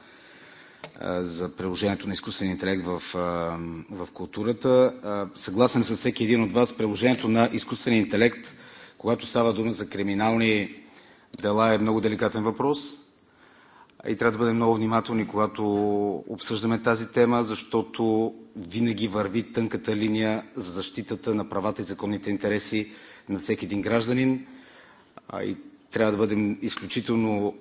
за приложението на изкуствения интелект в, в културата. Съгласен с всеки един от вас, приложението на изкуствения интелект, когато става дума за криминални дела, е много деликатен въпрос и трябва да бъдем много внимателни, когато обсъждаме тази тема, защото винаги върви тънката линия за защитата на правата и законните интереси на всеки един гражданин. И трябва да бъдем изключително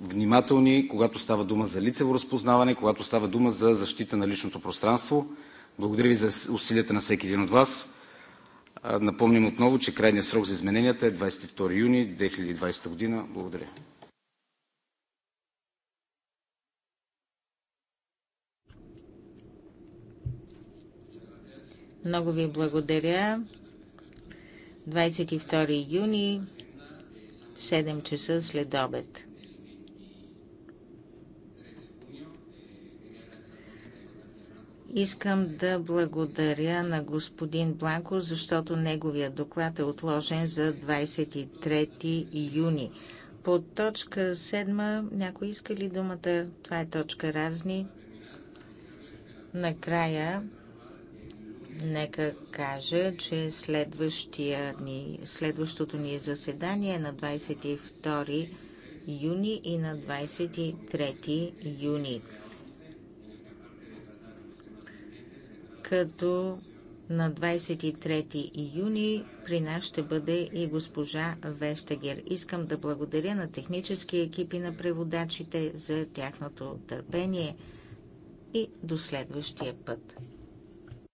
внимателни, когато става дума за лицево разпознаване, когато става дума за защита на личното пространство. Благодаря Ви за усилията на всеки един от Вас. Напомним отново, че крайният срок за измененията е 22 юни 2020 година. Благодаря. Много ви благодаря. 22 юни, 7 часа след обед. Искам да благодаря на господин Бланко, защото неговия доклад е отложен за 23 юни. По точка 7 някой иска ли думата? Това е точка разни. Накрая Нека кажа, че ни, следващото ни заседание е на 22 юни и на 23 юни. Като на 23 юни при нас ще бъде и госпожа Вестагер. Искам да благодаря на технически екипи на преводачите за тяхното търпение и до следващия път.